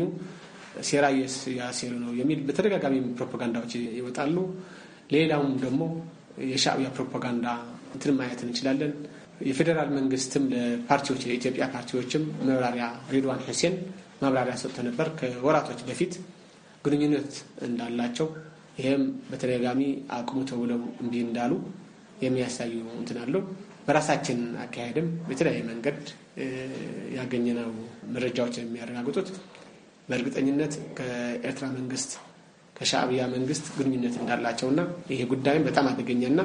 ሴራ ያሴሩ ነው የሚል በተደጋጋሚ ፕሮፓጋንዳዎች ይወጣሉ። ሌላውም ደግሞ የሻዕቢያ ፕሮፓጋንዳ እንትን ማየት እንችላለን። የፌዴራል መንግስትም ለፓርቲዎች ለኢትዮጵያ ፓርቲዎችም መብራሪያ ሬድዋን ሁሴን ማብራሪያ ሰጥቶ ነበር ከወራቶች በፊት ግንኙነት እንዳላቸው ይህም በተደጋጋሚ አቁሙ ተብለው እምቢ እንዳሉ የሚያሳዩ እንትን አለው። በራሳችን አካሄድም በተለያየ መንገድ ያገኘነው መረጃዎች የሚያረጋግጡት በእርግጠኝነት ከኤርትራ መንግስት ከሻዕብያ መንግስት ግንኙነት እንዳላቸውና ይሄ ጉዳይም በጣም አደገኛና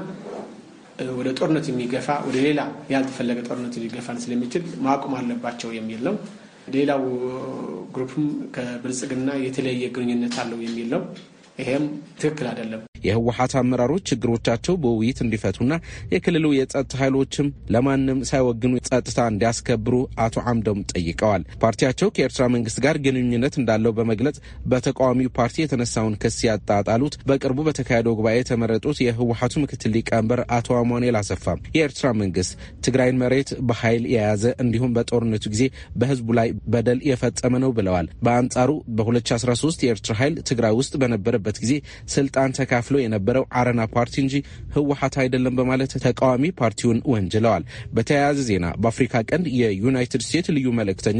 ወደ ጦርነት የሚገፋ ወደ ሌላ ያልተፈለገ ጦርነት ሊገፋን ስለሚችል ማቆም አለባቸው የሚል ነው። ሌላው ግሩፕም ከብልጽግና የተለያየ ግንኙነት አለው የሚል ነው። ይሄም ትክክል አይደለም። የህወሀት አመራሮች ችግሮቻቸው በውይይት እንዲፈቱና የክልሉ የጸጥታ ኃይሎችም ለማንም ሳይወግኑ ጸጥታ እንዲያስከብሩ አቶ አምዶም ጠይቀዋል። ፓርቲያቸው ከኤርትራ መንግስት ጋር ግንኙነት እንዳለው በመግለጽ በተቃዋሚው ፓርቲ የተነሳውን ክስ ያጣጣሉት በቅርቡ በተካሄደው ጉባኤ የተመረጡት የህወሀቱ ምክትል ሊቀመንበር አቶ አማኑኤል አሰፋ የኤርትራ መንግስት ትግራይን መሬት በኃይል የያዘ እንዲሁም በጦርነቱ ጊዜ በህዝቡ ላይ በደል የፈጸመ ነው ብለዋል። በአንጻሩ በ2013 የኤርትራ ኃይል ትግራይ ውስጥ በነበረበት ጊዜ ስልጣን ተካፍ ተወክሎ የነበረው አረና ፓርቲ እንጂ ህወሀት አይደለም በማለት ተቃዋሚ ፓርቲውን ወንጅለዋል። በተያያዘ ዜና በአፍሪካ ቀንድ የዩናይትድ ስቴትስ ልዩ መልእክተኛ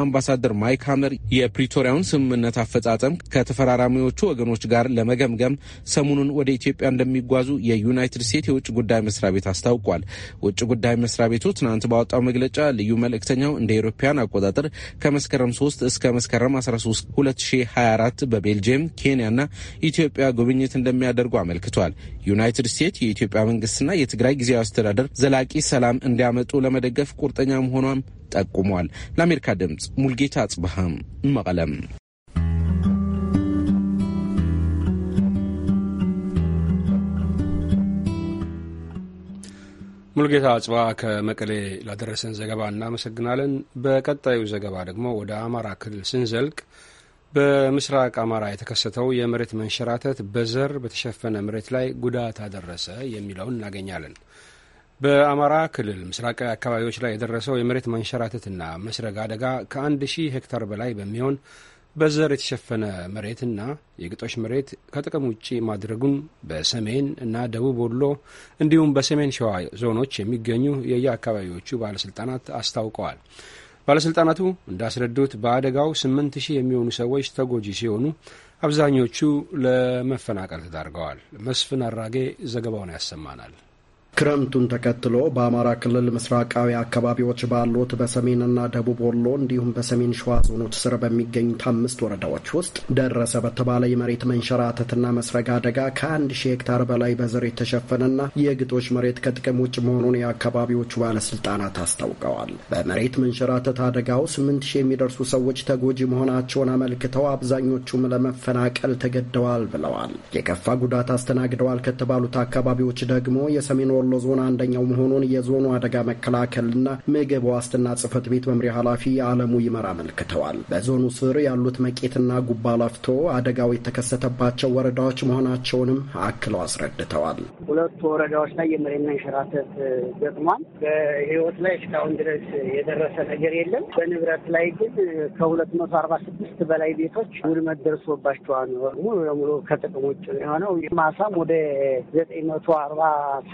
አምባሳደር ማይክ ሀመር የፕሪቶሪያውን ስምምነት አፈጻጸም ከተፈራራሚዎቹ ወገኖች ጋር ለመገምገም ሰሞኑን ወደ ኢትዮጵያ እንደሚጓዙ የዩናይትድ ስቴትስ የውጭ ጉዳይ መስሪያ ቤት አስታውቋል። ውጭ ጉዳይ መስሪያ ቤቱ ትናንት ባወጣው መግለጫ ልዩ መልእክተኛው እንደ አውሮፓውያን አቆጣጠር ከመስከረም 3 እስከ መስከረም 13 2024 በቤልጅየም ኬንያና ኢትዮጵያ ጉብኝት እንደሚያ እንደሚያደርጉ አመልክቷል። ዩናይትድ ስቴትስ የኢትዮጵያ መንግስትና የትግራይ ጊዜያዊ አስተዳደር ዘላቂ ሰላም እንዲያመጡ ለመደገፍ ቁርጠኛ መሆኗም ጠቁሟል። ለአሜሪካ ድምፅ ሙልጌታ አጽብሃም መቀለም። ሙልጌታ አጽባ ከመቀሌ ላደረሰን ዘገባ እናመሰግናለን። በቀጣዩ ዘገባ ደግሞ ወደ አማራ ክልል ስንዘልቅ በምስራቅ አማራ የተከሰተው የመሬት መንሸራተት በዘር በተሸፈነ መሬት ላይ ጉዳት አደረሰ የሚለውን እናገኛለን። በአማራ ክልል ምስራቃዊ አካባቢዎች ላይ የደረሰው የመሬት መንሸራተትና መስረግ አደጋ ከአንድ ሺህ ሄክታር በላይ በሚሆን በዘር የተሸፈነ መሬትና የግጦሽ መሬት ከጥቅም ውጪ ማድረጉን በሰሜን እና ደቡብ ወሎ እንዲሁም በሰሜን ሸዋ ዞኖች የሚገኙ የየአካባቢዎቹ ባለስልጣናት አስታውቀዋል። ባለሥልጣናቱ እንዳስረዱት በአደጋው ስምንት ሺህ የሚሆኑ ሰዎች ተጎጂ ሲሆኑ አብዛኞቹ ለመፈናቀል ተዳርገዋል። መስፍን አራጌ ዘገባውን ያሰማናል። ክረምቱን ተከትሎ በአማራ ክልል ምስራቃዊ አካባቢዎች ባሉት በሰሜንና ደቡብ ወሎ እንዲሁም በሰሜን ሸዋ ዞኖች ስር በሚገኙት አምስት ወረዳዎች ውስጥ ደረሰ በተባለ የመሬት መንሸራተትና መስረግ አደጋ ከአንድ ሺህ ሄክታር በላይ በዘር የተሸፈነና የግጦሽ መሬት ከጥቅም ውጭ መሆኑን የአካባቢዎቹ ባለስልጣናት አስታውቀዋል። በመሬት መንሸራተት አደጋው ስምንት ሺህ የሚደርሱ ሰዎች ተጎጂ መሆናቸውን አመልክተው አብዛኞቹም ለመፈናቀል ተገደዋል ብለዋል። የከፋ ጉዳት አስተናግደዋል ከተባሉት አካባቢዎች ደግሞ የሰሜን ወሎ ወሎ ዞን አንደኛው መሆኑን የዞኑ አደጋ መከላከልና ምግብ ዋስትና ጽህፈት ቤት መምሪያ ኃላፊ አለሙ ይመር አመልክተዋል። በዞኑ ስር ያሉት መቄትና ጉባ ላፍቶ አደጋው የተከሰተባቸው ወረዳዎች መሆናቸውንም አክለው አስረድተዋል። ሁለቱ ወረዳዎች ላይ የመሬት መንሸራተት ገጥሟል። በህይወት ላይ እስካሁን ድረስ የደረሰ ነገር የለም። በንብረት ላይ ግን ከሁለት መቶ አርባ ስድስት በላይ ቤቶች ውድመት ደርሶባቸዋል። ሙሉ ለሙሉ ከጥቅም ውጭ የሆነው ማሳም ወደ ዘጠኝ መቶ አርባ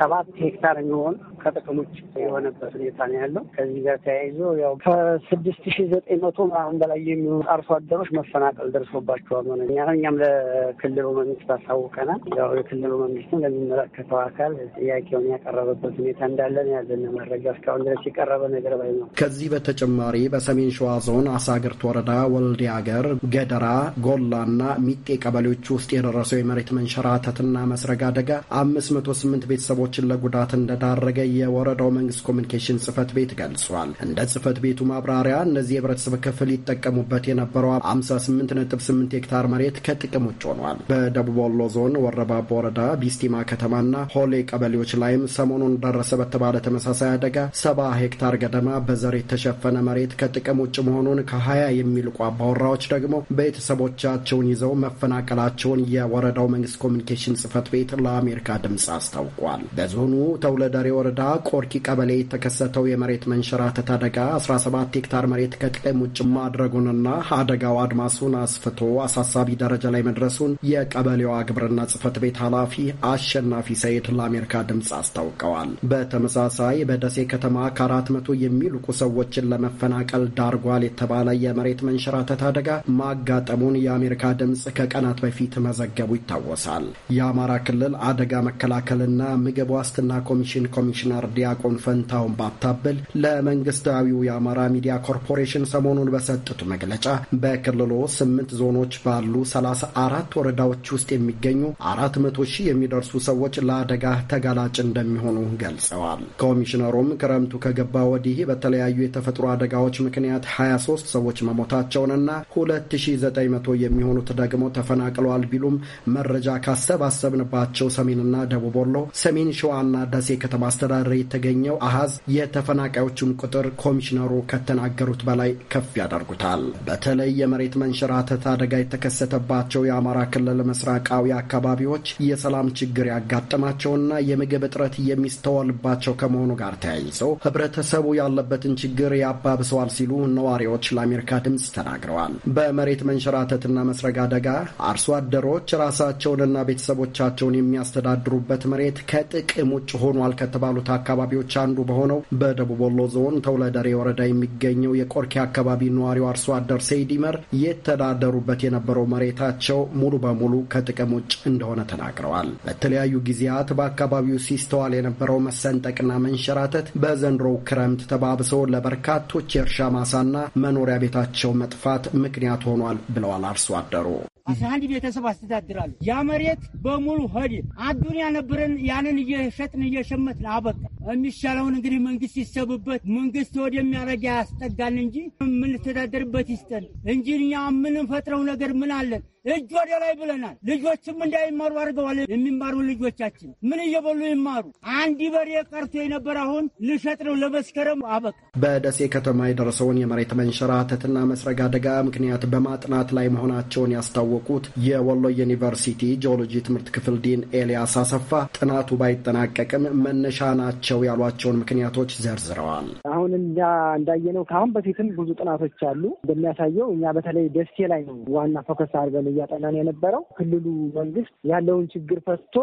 ሰባት hektar en on. ከጥቅም የሆነበት ሁኔታ ነው ያለው። ከዚህ ጋር ተያይዞ ያው ከስድስት ሺ ዘጠኝ መቶ አሁን በላይ የሚሆኑ አርሶ አደሮች መፈናቀል ደርሶባቸዋል። ሆነ እኛም ለክልሉ መንግስት አሳውቀናል። ያው የክልሉ መንግስትም ለሚመለከተው አካል ጥያቄውን ያቀረበበት ሁኔታ እንዳለን ያለን መረጃ እስካሁን ድረስ የቀረበ ነገር ባይ ነው። ከዚህ በተጨማሪ በሰሜን ሸዋ ዞን አሳግርት ወረዳ ወልዴ ሀገር ገደራ፣ ጎላና ሚጤ ቀበሌዎች ውስጥ የደረሰው የመሬት መንሸራተትና መስረግ አደጋ አምስት መቶ ስምንት ቤተሰቦችን ለጉዳት እንደዳረገ የወረዳው መንግስት ኮሚኒኬሽን ጽህፈት ቤት ገልጿል። እንደ ጽህፈት ቤቱ ማብራሪያ እነዚህ የህብረተሰብ ክፍል ይጠቀሙበት የነበረው 588 ሄክታር መሬት ከጥቅም ውጭ ሆኗል። በደቡብ ወሎ ዞን ወረባቦ ወረዳ ቢስቲማ ከተማና ሆሌ ቀበሌዎች ላይም ሰሞኑን ደረሰ በተባለ ተመሳሳይ አደጋ ሰባ ሄክታር ገደማ በዘር የተሸፈነ መሬት ከጥቅም ውጭ መሆኑን ከሀያ የሚልቁ አባወራዎች ደግሞ ቤተሰቦቻቸውን ይዘው መፈናቀላቸውን የወረዳው መንግስት ኮሚኒኬሽን ጽህፈት ቤት ለአሜሪካ ድምፅ አስታውቋል። በዞኑ ተውለደሬ ወረዳ ወረዳ ቆርኪ ቀበሌ የተከሰተው የመሬት መንሸራተት አደጋ 17 ሄክታር መሬት ከጥቅም ውጭ ማድረጉንና አደጋው አድማሱን አስፍቶ አሳሳቢ ደረጃ ላይ መድረሱን የቀበሌዋ ግብርና ጽሕፈት ቤት ኃላፊ አሸናፊ ሰይድ ለአሜሪካ ድምፅ አስታውቀዋል። በተመሳሳይ በደሴ ከተማ ከአራት መቶ የሚልቁ ሰዎችን ለመፈናቀል ዳርጓል የተባለ የመሬት መንሸራተት አደጋ ማጋጠሙን የአሜሪካ ድምፅ ከቀናት በፊት መዘገቡ ይታወሳል። የአማራ ክልል አደጋ መከላከልና ምግብ ዋስትና ኮሚሽን ኮሚሽን ኮሚሽነር ዲያቆን ፈንታውን ባታበል ለመንግስታዊው የአማራ ሚዲያ ኮርፖሬሽን ሰሞኑን በሰጡት መግለጫ በክልሉ ስምንት ዞኖች ባሉ ሰላሳ አራት ወረዳዎች ውስጥ የሚገኙ አራት መቶ ሺህ የሚደርሱ ሰዎች ለአደጋ ተጋላጭ እንደሚሆኑ ገልጸዋል። ኮሚሽነሩም ክረምቱ ከገባ ወዲህ በተለያዩ የተፈጥሮ አደጋዎች ምክንያት 23 ሰዎች መሞታቸውንና 2900 የሚሆኑት ደግሞ ተፈናቅለዋል ቢሉም መረጃ ካሰባሰብንባቸው ሰሜንና ደቡብ ወሎ፣ ሰሜን ሸዋና ደሴ ከተማ አስተዳደ ሀረር የተገኘው አሃዝ የተፈናቃዮቹን ቁጥር ኮሚሽነሩ ከተናገሩት በላይ ከፍ ያደርጉታል። በተለይ የመሬት መንሸራተት አደጋ የተከሰተባቸው የአማራ ክልል ምስራቃዊ አካባቢዎች የሰላም ችግር ያጋጠማቸውና የምግብ እጥረት የሚስተዋልባቸው ከመሆኑ ጋር ተያይዘው ህብረተሰቡ ያለበትን ችግር ያባብሰዋል ሲሉ ነዋሪዎች ለአሜሪካ ድምፅ ተናግረዋል። በመሬት መንሸራተትና መስረግ አደጋ አርሶ አደሮች ራሳቸውንና ቤተሰቦቻቸውን የሚያስተዳድሩበት መሬት ከጥቅም ውጭ ሆኗል ከተባሉት ከነበሩት አካባቢዎች አንዱ በሆነው በደቡብ ወሎ ዞን ተውለደሬ ወረዳ የሚገኘው የቆርኬ አካባቢ ነዋሪው አርሶ አደር ሰይዲመር የተዳደሩበት የነበረው መሬታቸው ሙሉ በሙሉ ከጥቅም ውጭ እንደሆነ ተናግረዋል። በተለያዩ ጊዜያት በአካባቢው ሲስተዋል የነበረው መሰንጠቅና መንሸራተት በዘንድሮው ክረምት ተባብሰው ለበርካቶች የእርሻ ማሳና መኖሪያ ቤታቸው መጥፋት ምክንያት ሆኗል ብለዋል አርሶ አደሩ። አስራ አንድ ቤተሰብ አስተዳድራሉ። ያ መሬት በሙሉ ሆድ አዱንያ ነበረን። ያንን እየሸጥን እየሸመትን አበቃ። የሚሻለውን እንግዲህ መንግስት ይሰብበት። መንግስት ወደሚያረጋ ያስጠጋን እንጂ የምንተዳደርበት ይስጠን እንጂ እኛ የምንፈጥረው ነገር ምን አለን? እጅ ወደ ላይ ብለናል። ልጆችም እንዳይማሩ አድርገዋል። የሚማሩ ልጆቻችን ምን እየበሉ ይማሩ? አንድ በሬ ቀርቶ የነበር አሁን ልሸጥ ነው ለመስከረም አበቃ። በደሴ ከተማ የደረሰውን የመሬት መንሸራተትና መስረግ አደጋ ምክንያት በማጥናት ላይ መሆናቸውን ያስታወቁት የወሎ ዩኒቨርሲቲ ጂኦሎጂ ትምህርት ክፍል ዲን ኤልያስ አሰፋ ጥናቱ ባይጠናቀቅም መነሻ ናቸው ያሏቸውን ምክንያቶች ዘርዝረዋል። አሁን እኛ እንዳየነው ከአሁን በፊትም ብዙ ጥናቶች አሉ። እንደሚያሳየው እኛ በተለይ ደሴ ላይ ነው ዋና ፎከስ አድርገን እያጠናን የነበረው ክልሉ መንግስት ያለውን ችግር ፈትቶ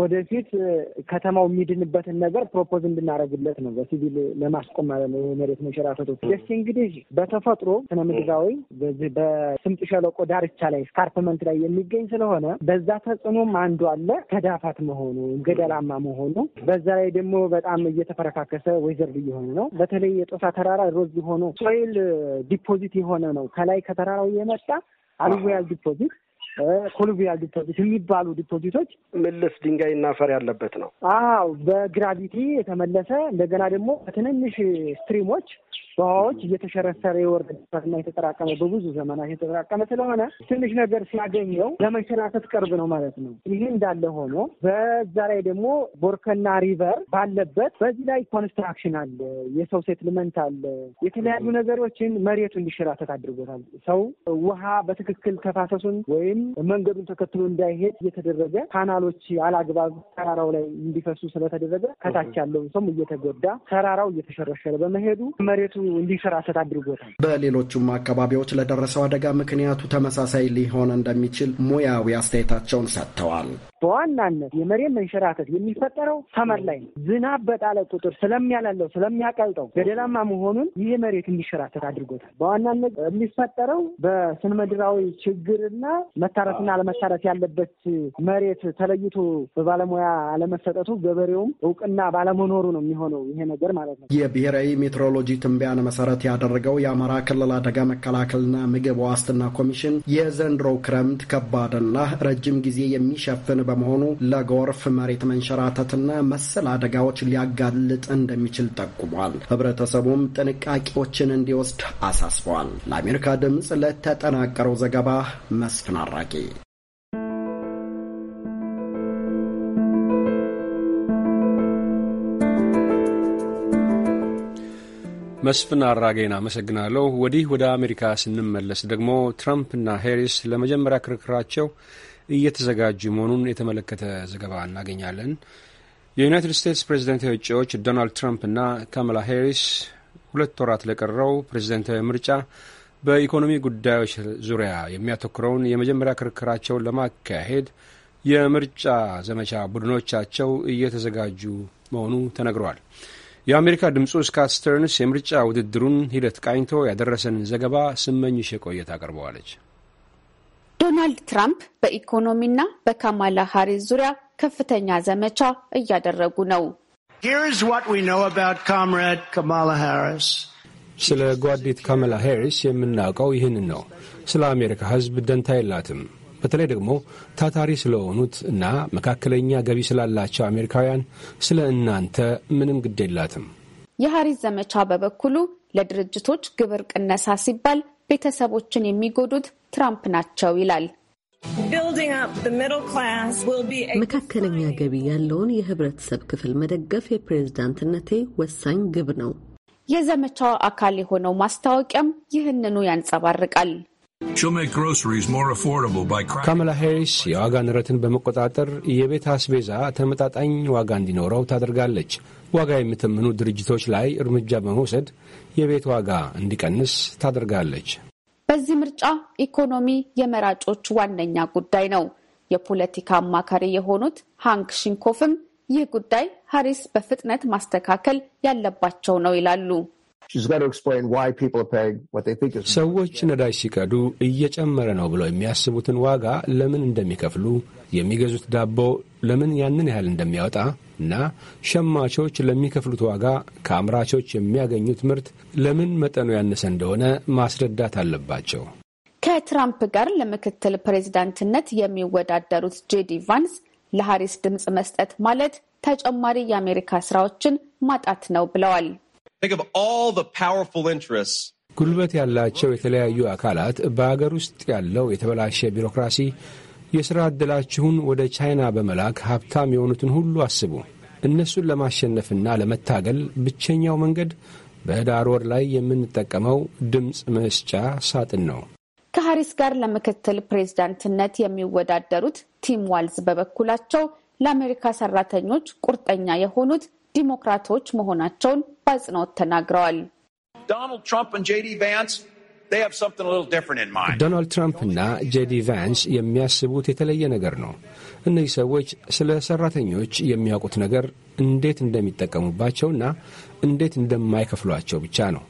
ወደፊት ከተማው የሚድንበትን ነገር ፕሮፖዝ እንድናደርግለት ነው። በሲቪል ለማስቆም ማለት ነው። የመሬት ደስ እንግዲህ በተፈጥሮ ስነ ምድራዊ በስምጥ ሸለቆ ዳርቻ ላይ ስካርፕመንት ላይ የሚገኝ ስለሆነ በዛ ተጽዕኖም አንዱ አለ ተዳፋት መሆኑ ገደላማ መሆኑ። በዛ ላይ ደግሞ በጣም እየተፈረካከሰ ወይዘር እየሆነ ነው። በተለይ የጦሳ ተራራ ሮዝ የሆነ ሶይል ዲፖዚት የሆነ ነው። ከላይ ከተራራው የመጣ አሉዌያል ዲፖዚት ኮሎምቢያ ዲፖዚት የሚባሉ ዲፖዚቶች ምልስ ድንጋይና አፈር ያለበት ነው። አዎ በግራቪቲ የተመለሰ እንደገና ደግሞ በትንንሽ ስትሪሞች ውሃዎች እየተሸረሰረ የወረደና የተጠራቀመ በብዙ ዘመናት የተጠራቀመ ስለሆነ ትንሽ ነገር ሲያገኘው ለመንሸራተት ቅርብ ነው ማለት ነው። ይህ እንዳለ ሆኖ በዛ ላይ ደግሞ ቦርከና ሪቨር ባለበት በዚህ ላይ ኮንስትራክሽን አለ፣ የሰው ሴትልመንት አለ። የተለያዩ ነገሮችን መሬቱ እንዲሸራተት አድርጎታል። ሰው ውሃ በትክክል ተፋሰሱን ወይም መንገዱን ተከትሎ እንዳይሄድ እየተደረገ ካናሎች አላግባብ ተራራው ላይ እንዲፈሱ ስለተደረገ ከታች ያለው ሰው እየተጎዳ ተራራው እየተሸረሸረ በመሄዱ መሬቱ እንዲሰራሰት አድርጎታል። በሌሎቹም አካባቢዎች ለደረሰው አደጋ ምክንያቱ ተመሳሳይ ሊሆን እንደሚችል ሙያዊ አስተያየታቸውን ሰጥተዋል። በዋናነት የመሬት መንሸራተት የሚፈጠረው ሰመር ላይ ነው። ዝናብ በጣለ ቁጥር ስለሚያላለው ስለሚያቀልጠው ገደላማ መሆኑን ይህ መሬት እንዲሸራተት አድርጎታል። በዋናነት የሚፈጠረው በስነምድራዊ ችግርና መታረስና አለመታረስ ያለበት መሬት ተለይቶ በባለሙያ አለመሰጠቱ ገበሬውም እውቅና ባለመኖሩ ነው የሚሆነው ይሄ ነገር ማለት ነው። የብሔራዊ ሜትሮሎጂ ትንበያን መሰረት ያደረገው የአማራ ክልል አደጋ መከላከልና ምግብ ዋስትና ኮሚሽን የዘንድሮ ክረምት ከባድና ረጅም ጊዜ የሚሸፍን በመሆኑ ለጎርፍ፣ መሬት መንሸራተትና መሰል አደጋዎች ሊያጋልጥ እንደሚችል ጠቁሟል። ህብረተሰቡም ጥንቃቄዎችን እንዲወስድ አሳስበዋል። ለአሜሪካ ድምፅ ለተጠናቀረው ዘገባ መስፍን አራ ጥያቄ መስፍን አራጌን አመሰግናለሁ። ወዲህ ወደ አሜሪካ ስንመለስ ደግሞ ትራምፕና ሄሪስ ለመጀመሪያ ክርክራቸው እየተዘጋጁ መሆኑን የተመለከተ ዘገባ እናገኛለን። የዩናይትድ ስቴትስ ፕሬዝደንታዊ እጩዎች ዶናልድ ትራምፕና ካማላ ሄሪስ ሁለት ወራት ለቀረው ፕሬዝደንታዊ ምርጫ በኢኮኖሚ ጉዳዮች ዙሪያ የሚያተኩረውን የመጀመሪያ ክርክራቸውን ለማካሄድ የምርጫ ዘመቻ ቡድኖቻቸው እየተዘጋጁ መሆኑ ተነግሯል። የአሜሪካ ድምፁ ስካት ስተርንስ የምርጫ ውድድሩን ሂደት ቃኝቶ ያደረሰን ዘገባ ስመኝሽ የቆየት አቅርበዋለች። ዶናልድ ትራምፕ በኢኮኖሚና በካማላ ሃሪስ ዙሪያ ከፍተኛ ዘመቻ እያደረጉ ነው። ስለ ጓዴት ካመላ ሄሪስ የምናውቀው ይህንን ነው። ስለ አሜሪካ ሕዝብ ደንታ የላትም። በተለይ ደግሞ ታታሪ ስለሆኑት እና መካከለኛ ገቢ ስላላቸው አሜሪካውያን ስለ እናንተ ምንም ግድ የላትም። የሀሪስ ዘመቻ በበኩሉ ለድርጅቶች ግብር ቅነሳ ሲባል ቤተሰቦችን የሚጎዱት ትራምፕ ናቸው ይላል። መካከለኛ ገቢ ያለውን የህብረተሰብ ክፍል መደገፍ የፕሬዝዳንትነቴ ወሳኝ ግብ ነው። የዘመቻው አካል የሆነው ማስታወቂያም ይህንኑ ያንጸባርቃል። ካማላ ሄሪስ የዋጋ ንረትን በመቆጣጠር የቤት አስቤዛ ተመጣጣኝ ዋጋ እንዲኖረው ታደርጋለች። ዋጋ የምትምኑ ድርጅቶች ላይ እርምጃ በመውሰድ የቤት ዋጋ እንዲቀንስ ታደርጋለች። በዚህ ምርጫ ኢኮኖሚ የመራጮች ዋነኛ ጉዳይ ነው። የፖለቲካ አማካሪ የሆኑት ሃንክ ሽንኮፍም ይህ ጉዳይ ሀሪስ በፍጥነት ማስተካከል ያለባቸው ነው ይላሉ። ሰዎች ነዳጅ ሲቀዱ እየጨመረ ነው ብለው የሚያስቡትን ዋጋ ለምን እንደሚከፍሉ፣ የሚገዙት ዳቦ ለምን ያንን ያህል እንደሚያወጣ እና ሸማቾች ለሚከፍሉት ዋጋ ከአምራቾች የሚያገኙት ምርት ለምን መጠኑ ያነሰ እንደሆነ ማስረዳት አለባቸው። ከትራምፕ ጋር ለምክትል ፕሬዚዳንትነት የሚወዳደሩት ጄዲ ቫንስ ለሀሪስ ድምፅ መስጠት ማለት ተጨማሪ የአሜሪካ ስራዎችን ማጣት ነው ብለዋል። ጉልበት ያላቸው የተለያዩ አካላት በሀገር ውስጥ ያለው የተበላሸ ቢሮክራሲ የሥራ ዕድላችሁን ወደ ቻይና በመላክ ሀብታም የሆኑትን ሁሉ አስቡ። እነሱን ለማሸነፍና ለመታገል ብቸኛው መንገድ በህዳር ወር ላይ የምንጠቀመው ድምፅ መስጫ ሳጥን ነው። ከሀሪስ ጋር ለምክትል ፕሬዝዳንትነት የሚወዳደሩት ቲም ዋልዝ በበኩላቸው ለአሜሪካ ሰራተኞች ቁርጠኛ የሆኑት ዲሞክራቶች መሆናቸውን በአጽንኦት ተናግረዋል። ዶናልድ እና ጄዲ ቫንስ የሚያስቡት የተለየ ነገር ነው። እነዚህ ሰዎች ስለ ሰራተኞች የሚያውቁት ነገር እንዴት እንደሚጠቀሙባቸውና እንዴት እንደማይከፍሏቸው ብቻ ነው።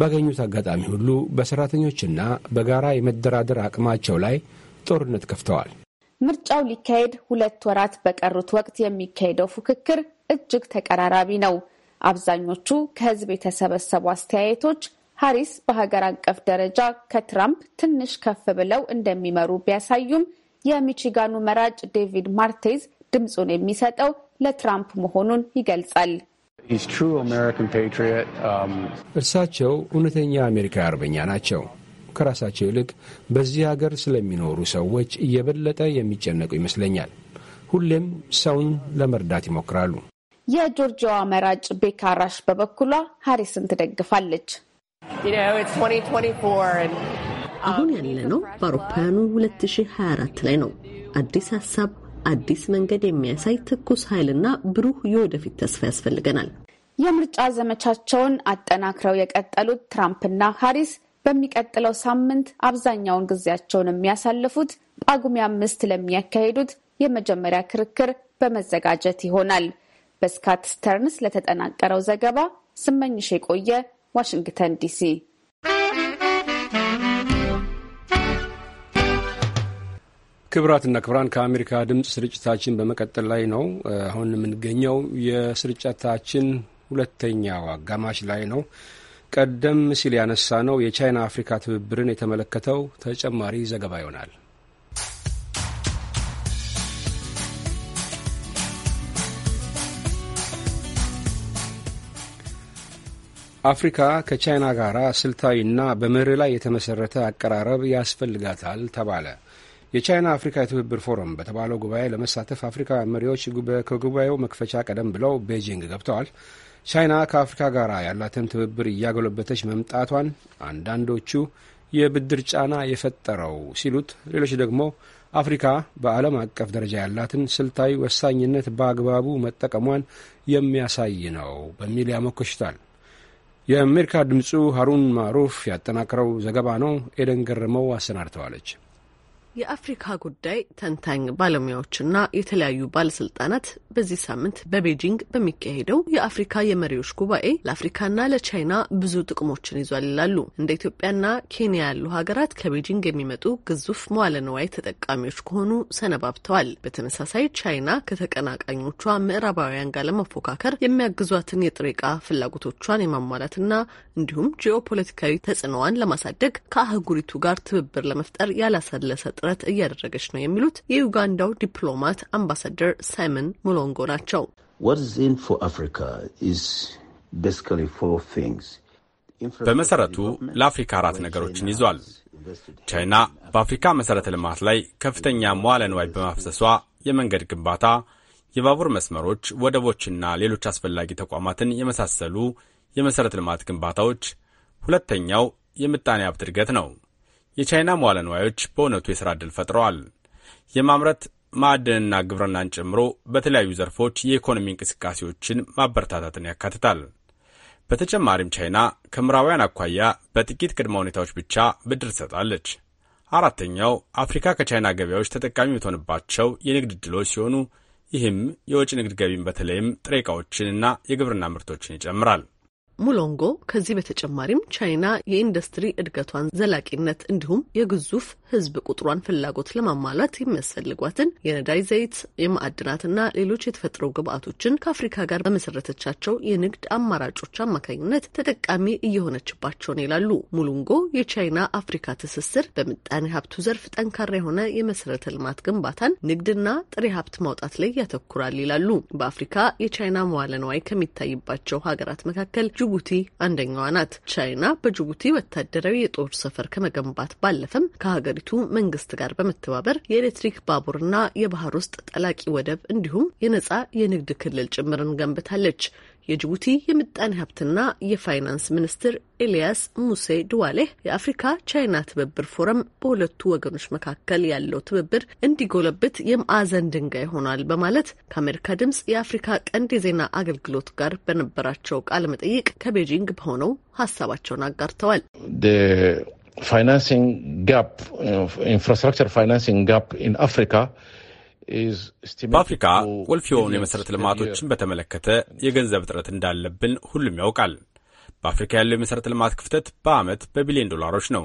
ባገኙት አጋጣሚ ሁሉ በሰራተኞችና በጋራ የመደራደር አቅማቸው ላይ ጦርነት ከፍተዋል። ምርጫው ሊካሄድ ሁለት ወራት በቀሩት ወቅት የሚካሄደው ፉክክር እጅግ ተቀራራቢ ነው። አብዛኞቹ ከህዝብ የተሰበሰቡ አስተያየቶች ሀሪስ በሀገር አቀፍ ደረጃ ከትራምፕ ትንሽ ከፍ ብለው እንደሚመሩ ቢያሳዩም የሚቺጋኑ መራጭ ዴቪድ ማርቴዝ ድምፁን የሚሰጠው ለትራምፕ መሆኑን ይገልጻል። um, እርሳቸው እውነተኛ አሜሪካዊ አርበኛ ናቸው። ከራሳቸው ይልቅ በዚህ ሀገር ስለሚኖሩ ሰዎች እየበለጠ የሚጨነቁ ይመስለኛል። ሁሌም ሰውን ለመርዳት ይሞክራሉ። የጆርጂያዋ መራጭ ቤካ ራሽ በበኩሏ ሀሪስን ትደግፋለች። አሁን ያለነው በአውሮፓውያኑ 2024 ላይ ነው። አዲስ ሀሳብ፣ አዲስ መንገድ የሚያሳይ ትኩስ ኃይልና ብሩህ የወደፊት ተስፋ ያስፈልገናል። የምርጫ ዘመቻቸውን አጠናክረው የቀጠሉት ትራምፕና ሀሪስ በሚቀጥለው ሳምንት አብዛኛውን ጊዜያቸውን የሚያሳልፉት ጳጉሜ አምስት ለሚያካሂዱት የመጀመሪያ ክርክር በመዘጋጀት ይሆናል። በስካት ስተርንስ ለተጠናቀረው ዘገባ ስመኝሽ የቆየ ዋሽንግተን ዲሲ። ክብራትና ክብራን ከአሜሪካ ድምፅ ስርጭታችን በመቀጠል ላይ ነው። አሁን የምንገኘው የስርጭታችን ሁለተኛው አጋማሽ ላይ ነው። ቀደም ሲል ያነሳ ነው የቻይና አፍሪካ ትብብርን የተመለከተው ተጨማሪ ዘገባ ይሆናል። አፍሪካ ከቻይና ጋር ስልታዊና በመርህ ላይ የተመሠረተ አቀራረብ ያስፈልጋታል ተባለ። የቻይና አፍሪካ የትብብር ፎረም በተባለው ጉባኤ ለመሳተፍ አፍሪካውያን መሪዎች ከጉባኤው መክፈቻ ቀደም ብለው ቤጂንግ ገብተዋል። ቻይና ከአፍሪካ ጋር ያላትን ትብብር እያጎለበተች መምጣቷን አንዳንዶቹ የብድር ጫና የፈጠረው ሲሉት፣ ሌሎች ደግሞ አፍሪካ በዓለም አቀፍ ደረጃ ያላትን ስልታዊ ወሳኝነት በአግባቡ መጠቀሟን የሚያሳይ ነው በሚል ያሞከሽታል። የአሜሪካ ድምፁ ሀሩን ማሩፍ ያጠናቀረው ዘገባ ነው። ኤደን ገረመው አሰናድተዋለች። የአፍሪካ ጉዳይ ተንታኝ ባለሙያዎችና የተለያዩ ባለስልጣናት በዚህ ሳምንት በቤጂንግ በሚካሄደው የአፍሪካ የመሪዎች ጉባኤ ለአፍሪካና ለቻይና ብዙ ጥቅሞችን ይዟል ይላሉ። እንደ ኢትዮጵያና ኬንያ ያሉ ሀገራት ከቤጂንግ የሚመጡ ግዙፍ መዋለ ንዋይ ተጠቃሚዎች ከሆኑ ሰነባብተዋል። በተመሳሳይ ቻይና ከተቀናቃኞቿ ምዕራባውያን ጋር ለመፎካከር የሚያግዟትን የጥሬ ዕቃ ፍላጎቶቿን የማሟላትና እንዲሁም ጂኦፖለቲካዊ ተጽዕኖዋን ለማሳደግ ከአህጉሪቱ ጋር ትብብር ለመፍጠር ያላሰለሰ ጥረት እያደረገች ነው የሚሉት የዩጋንዳው ዲፕሎማት አምባሳደር ሳይመን ሙሎንጎ ናቸው። በመሰረቱ ለአፍሪካ አራት ነገሮችን ይዟል። ቻይና በአፍሪካ መሠረተ ልማት ላይ ከፍተኛ መዋለ ንዋይ በማፍሰሷ የመንገድ ግንባታ፣ የባቡር መስመሮች፣ ወደቦችና ሌሎች አስፈላጊ ተቋማትን የመሳሰሉ የመሠረተ ልማት ግንባታዎች። ሁለተኛው የምጣኔ ሀብት እድገት ነው። የቻይና መዋለ ንዋዮች በእውነቱ የሥራ ዕድል ፈጥረዋል። የማምረት ማዕድንና ግብርናን ጨምሮ በተለያዩ ዘርፎች የኢኮኖሚ እንቅስቃሴዎችን ማበረታታትን ያካትታል። በተጨማሪም ቻይና ከምዕራባውያን አኳያ በጥቂት ቅድመ ሁኔታዎች ብቻ ብድር ትሰጣለች። አራተኛው አፍሪካ ከቻይና ገበያዎች ተጠቃሚ የምትሆንባቸው የንግድ ዕድሎች ሲሆኑ ይህም የውጭ ንግድ ገቢን በተለይም ጥሬ ዕቃዎችንና የግብርና ምርቶችን ይጨምራል። ሙሎንጎ ከዚህ በተጨማሪም ቻይና የኢንዱስትሪ እድገቷን ዘላቂነት እንዲሁም የግዙፍ ህዝብ ቁጥሯን ፍላጎት ለማሟላት የሚያስፈልጓትን የነዳጅ ዘይት፣ የማዕድናትና ሌሎች የተፈጥሮ ግብዓቶችን ከአፍሪካ ጋር በመሰረተቻቸው የንግድ አማራጮች አማካኝነት ተጠቃሚ እየሆነችባቸው ነው ይላሉ ሙሉንጎ። የቻይና አፍሪካ ትስስር በምጣኔ ሀብቱ ዘርፍ ጠንካራ የሆነ የመሰረተ ልማት ግንባታን፣ ንግድና ጥሬ ሀብት ማውጣት ላይ ያተኩራል ይላሉ። በአፍሪካ የቻይና መዋለ ንዋይ ከሚታይባቸው ሀገራት መካከል ጅቡቲ አንደኛዋ ናት። ቻይና በጅቡቲ ወታደራዊ የጦር ሰፈር ከመገንባት ባለፈም ከሀገሪ ከሀገሪቱ መንግስት ጋር በመተባበር የኤሌክትሪክ ባቡርና የባህር ውስጥ ጠላቂ ወደብ እንዲሁም የነጻ የንግድ ክልል ጭምርን ገንብታለች። የጅቡቲ የምጣኔ ሀብትና የፋይናንስ ሚኒስትር ኤልያስ ሙሴ ድዋሌህ የአፍሪካ ቻይና ትብብር ፎረም በሁለቱ ወገኖች መካከል ያለው ትብብር እንዲጎለብት የማዕዘን ድንጋይ ሆኗል በማለት ከአሜሪካ ድምጽ የአፍሪካ ቀንድ የዜና አገልግሎት ጋር በነበራቸው ቃለ መጠይቅ ከቤጂንግ በሆነው ሀሳባቸውን አጋርተዋል። financing gap, uh, infrastructure financing ጋፕ in አፍሪካ በአፍሪካ ቁልፍ የሆኑ የመሠረተ ልማቶችን በተመለከተ የገንዘብ እጥረት እንዳለብን ሁሉም ያውቃል። በአፍሪካ ያለው የመሠረተ ልማት ክፍተት በዓመት በቢሊዮን ዶላሮች ነው።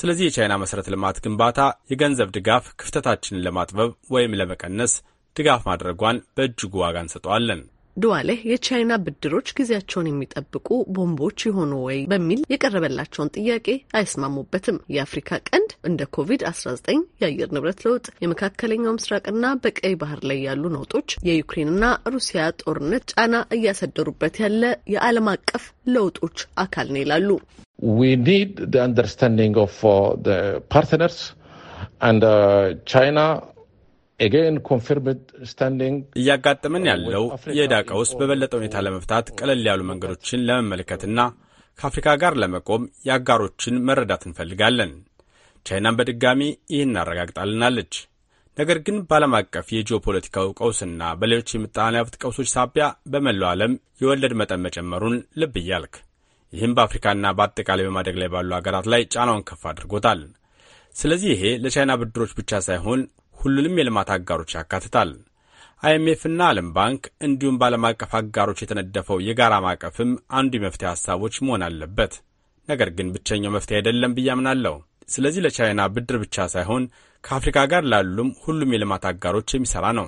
ስለዚህ የቻይና መሠረተ ልማት ግንባታ የገንዘብ ድጋፍ ክፍተታችንን ለማጥበብ ወይም ለመቀነስ ድጋፍ ማድረጓን በእጅጉ ዋጋ እንሰጠዋለን። ድዋሌ የቻይና ብድሮች ጊዜያቸውን የሚጠብቁ ቦምቦች የሆኑ ወይ በሚል የቀረበላቸውን ጥያቄ አይስማሙበትም። የአፍሪካ ቀንድ እንደ ኮቪድ-19 የአየር ንብረት ለውጥ፣ የመካከለኛው ምስራቅና በቀይ ባህር ላይ ያሉ ነውጦች የዩክሬንና ሩሲያ ጦርነት ጫና እያሰደሩበት ያለ የዓለም አቀፍ ለውጦች አካል ነው ይላሉ። We need the understanding of uh, the partners and uh, China እያጋጠመን uh, ያለው የዕዳ ቀውስ በበለጠ ሁኔታ ለመፍታት ቀለል ያሉ መንገዶችን ለመመልከትና ከአፍሪካ ጋር ለመቆም የአጋሮችን መረዳት እንፈልጋለን። ቻይናን በድጋሚ ይህን አረጋግጣልናለች። ነገር ግን በዓለም አቀፍ የጂኦፖለቲካው ቀውስና በሌሎች የምጣኔ ሀብት ቀውሶች ሳቢያ በመላው ዓለም የወለድ መጠን መጨመሩን ልብ እያልክ ይህም በአፍሪካና በአጠቃላይ በማደግ ላይ ባሉ አገራት ላይ ጫናውን ከፍ አድርጎታል። ስለዚህ ይሄ ለቻይና ብድሮች ብቻ ሳይሆን ሁሉንም የልማት አጋሮች ያካትታል። አይኤምኤፍና ዓለም ባንክ እንዲሁም በዓለም አቀፍ አጋሮች የተነደፈው የጋራ ማዕቀፍም አንዱ የመፍትሄ ሀሳቦች መሆን አለበት። ነገር ግን ብቸኛው መፍትሄ አይደለም ብዬ አምናለሁ። ስለዚህ ለቻይና ብድር ብቻ ሳይሆን ከአፍሪካ ጋር ላሉም ሁሉም የልማት አጋሮች የሚሠራ ነው።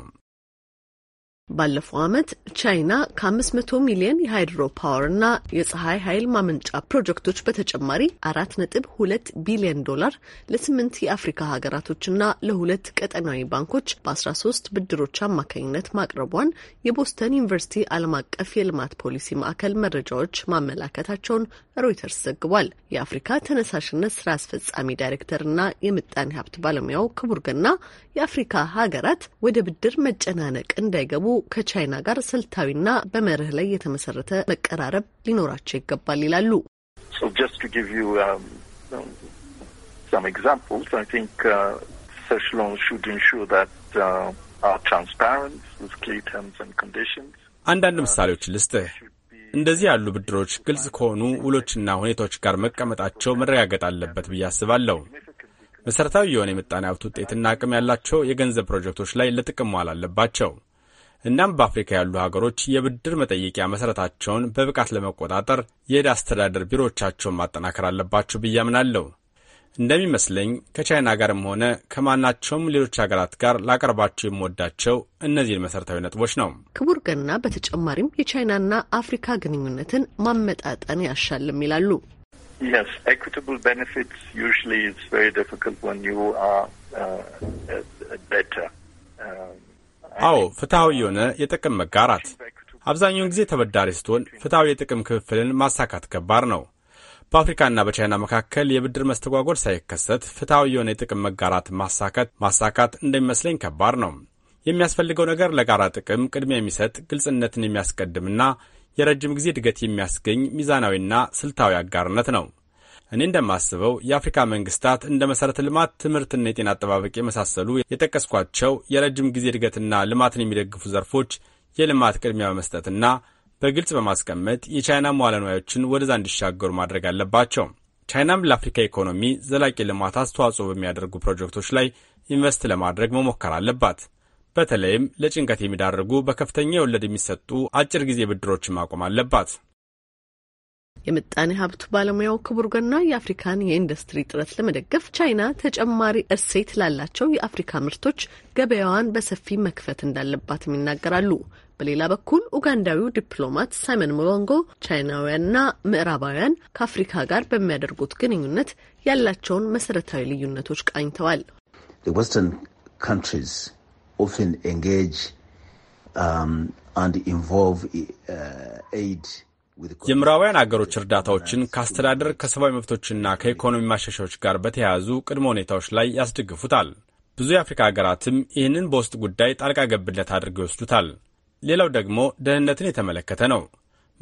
ባለፈው ዓመት ቻይና ከ500 ሚሊዮን የሃይድሮ ፓወር እና የፀሐይ ኃይል ማመንጫ ፕሮጀክቶች በተጨማሪ 4.2 ቢሊዮን ዶላር ለስምንት የአፍሪካ ሀገራቶችና ለሁለት ቀጠናዊ ባንኮች በ13 ብድሮች አማካኝነት ማቅረቧን የቦስተን ዩኒቨርሲቲ ዓለም አቀፍ የልማት ፖሊሲ ማዕከል መረጃዎች ማመላከታቸውን ሮይተርስ ዘግቧል። የአፍሪካ ተነሳሽነት ስራ አስፈጻሚ ዳይሬክተር እና የምጣኔ ሀብት ባለሙያው ክቡር ገና የአፍሪካ ሀገራት ወደ ብድር መጨናነቅ እንዳይገቡ ከቻይና ጋር ስልታዊና በመርህ ላይ የተመሰረተ መቀራረብ ሊኖራቸው ይገባል ይላሉ። um, um, uh, uh, አንዳንድ uh, ምሳሌዎች ልስጥህ። እንደዚህ ያሉ ብድሮች ግልጽ ከሆኑ ውሎችና ሁኔታዎች ጋር መቀመጣቸው መረጋገጥ አለበት ብዬ አስባለሁ። መሠረታዊ የሆነ የምጣኔ ሀብት ውጤትና አቅም ያላቸው የገንዘብ ፕሮጀክቶች ላይ ለጥቅም መዋል አለባቸው። እናም በአፍሪካ ያሉ ሀገሮች የብድር መጠየቂያ መሰረታቸውን በብቃት ለመቆጣጠር የዕዳ አስተዳደር ቢሮዎቻቸውን ማጠናከር አለባቸው ብዬ አምናለሁ። እንደሚመስለኝ ከቻይና ጋርም ሆነ ከማናቸውም ሌሎች ሀገራት ጋር ላቀርባቸው የምወዳቸው እነዚህን መሰረታዊ ነጥቦች ነው። ክቡር ገና በተጨማሪም የቻይናና አፍሪካ ግንኙነትን ማመጣጠን ያሻልም ይላሉ። አዎ፣ ፍትሐዊ የሆነ የጥቅም መጋራት። አብዛኛውን ጊዜ ተበዳሪ ስትሆን ፍትሐዊ የጥቅም ክፍፍልን ማሳካት ከባድ ነው። በአፍሪካና በቻይና መካከል የብድር መስተጓጎድ ሳይከሰት ፍትሐዊ የሆነ የጥቅም መጋራት ማሳካት ማሳካት እንደሚመስለኝ ከባድ ነው። የሚያስፈልገው ነገር ለጋራ ጥቅም ቅድሚያ የሚሰጥ ግልጽነትን የሚያስቀድምና የረጅም ጊዜ እድገት የሚያስገኝ ሚዛናዊና ስልታዊ አጋርነት ነው። እኔ እንደማስበው የአፍሪካ መንግስታት እንደ መሠረተ ልማት ትምህርትና የጤና አጠባበቅ የመሳሰሉ የጠቀስኳቸው የረጅም ጊዜ እድገትና ልማትን የሚደግፉ ዘርፎች የልማት ቅድሚያ በመስጠትና በግልጽ በማስቀመጥ የቻይና መዋለ ንዋዮችን ወደዛ እንዲሻገሩ ማድረግ አለባቸው። ቻይናም ለአፍሪካ ኢኮኖሚ ዘላቂ ልማት አስተዋጽኦ በሚያደርጉ ፕሮጀክቶች ላይ ኢንቨስት ለማድረግ መሞከር አለባት። በተለይም ለጭንቀት የሚዳርጉ በከፍተኛ የወለድ የሚሰጡ አጭር ጊዜ ብድሮችን ማቆም አለባት። የምጣኔ ሀብት ባለሙያው ክቡር ገና የአፍሪካን የኢንዱስትሪ ጥረት ለመደገፍ ቻይና ተጨማሪ እሴት ላላቸው የአፍሪካ ምርቶች ገበያዋን በሰፊ መክፈት እንዳለባትም ይናገራሉ። በሌላ በኩል ኡጋንዳዊው ዲፕሎማት ሳይመን ሙሎንጎ ቻይናውያንና ምዕራባውያን ከአፍሪካ ጋር በሚያደርጉት ግንኙነት ያላቸውን መሰረታዊ ልዩነቶች ቃኝተዋል። የምዕራባውያን አገሮች እርዳታዎችን ከአስተዳደር ከሰብአዊ መብቶችና ከኢኮኖሚ ማሻሻዎች ጋር በተያያዙ ቅድመ ሁኔታዎች ላይ ያስደግፉታል። ብዙ የአፍሪካ ሀገራትም ይህንን በውስጥ ጉዳይ ጣልቃ ገብነት አድርገው ይወስዱታል። ሌላው ደግሞ ደህንነትን የተመለከተ ነው።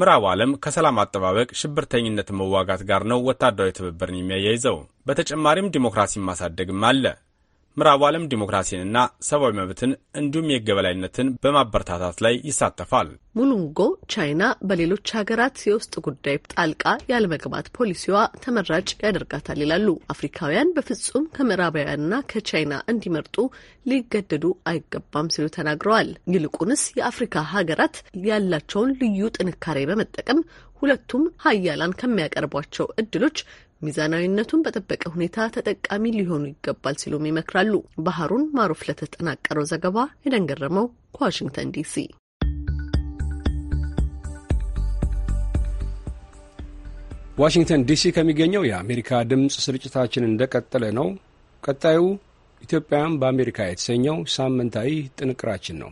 ምዕራቡ ዓለም ከሰላም አጠባበቅ ሽብርተኝነት መዋጋት ጋር ነው ወታደራዊ ትብብርን የሚያያይዘው። በተጨማሪም ዲሞክራሲን ማሳደግም አለ። ምዕራቡ ዓለም ዲሞክራሲንና ሰብአዊ መብትን እንዲሁም የሕግ በማበረታታት ላይ ይሳተፋል። ሙሉንጎ ቻይና በሌሎች ሀገራት የውስጥ ጉዳይ ጣልቃ ያለመግባት ፖሊሲዋ ተመራጭ ያደርጋታል ይላሉ። አፍሪካውያን በፍጹም ከምዕራባውያንና ከቻይና እንዲመርጡ ሊገደዱ አይገባም ሲሉ ተናግረዋል። ይልቁንስ የአፍሪካ ሀገራት ያላቸውን ልዩ ጥንካሬ በመጠቀም ሁለቱም ሀያላን ከሚያቀርቧቸው እድሎች ሚዛናዊነቱን በጠበቀ ሁኔታ ተጠቃሚ ሊሆኑ ይገባል ሲሉም ይመክራሉ። ባህሩን ማሩፍ ለተጠናቀረው ዘገባ የደንገረመው ከዋሽንግተን ዲሲ። ዋሽንግተን ዲሲ ከሚገኘው የአሜሪካ ድምፅ ስርጭታችን እንደቀጠለ ነው። ቀጣዩ ኢትዮጵያውያን በአሜሪካ የተሰኘው ሳምንታዊ ጥንቅራችን ነው።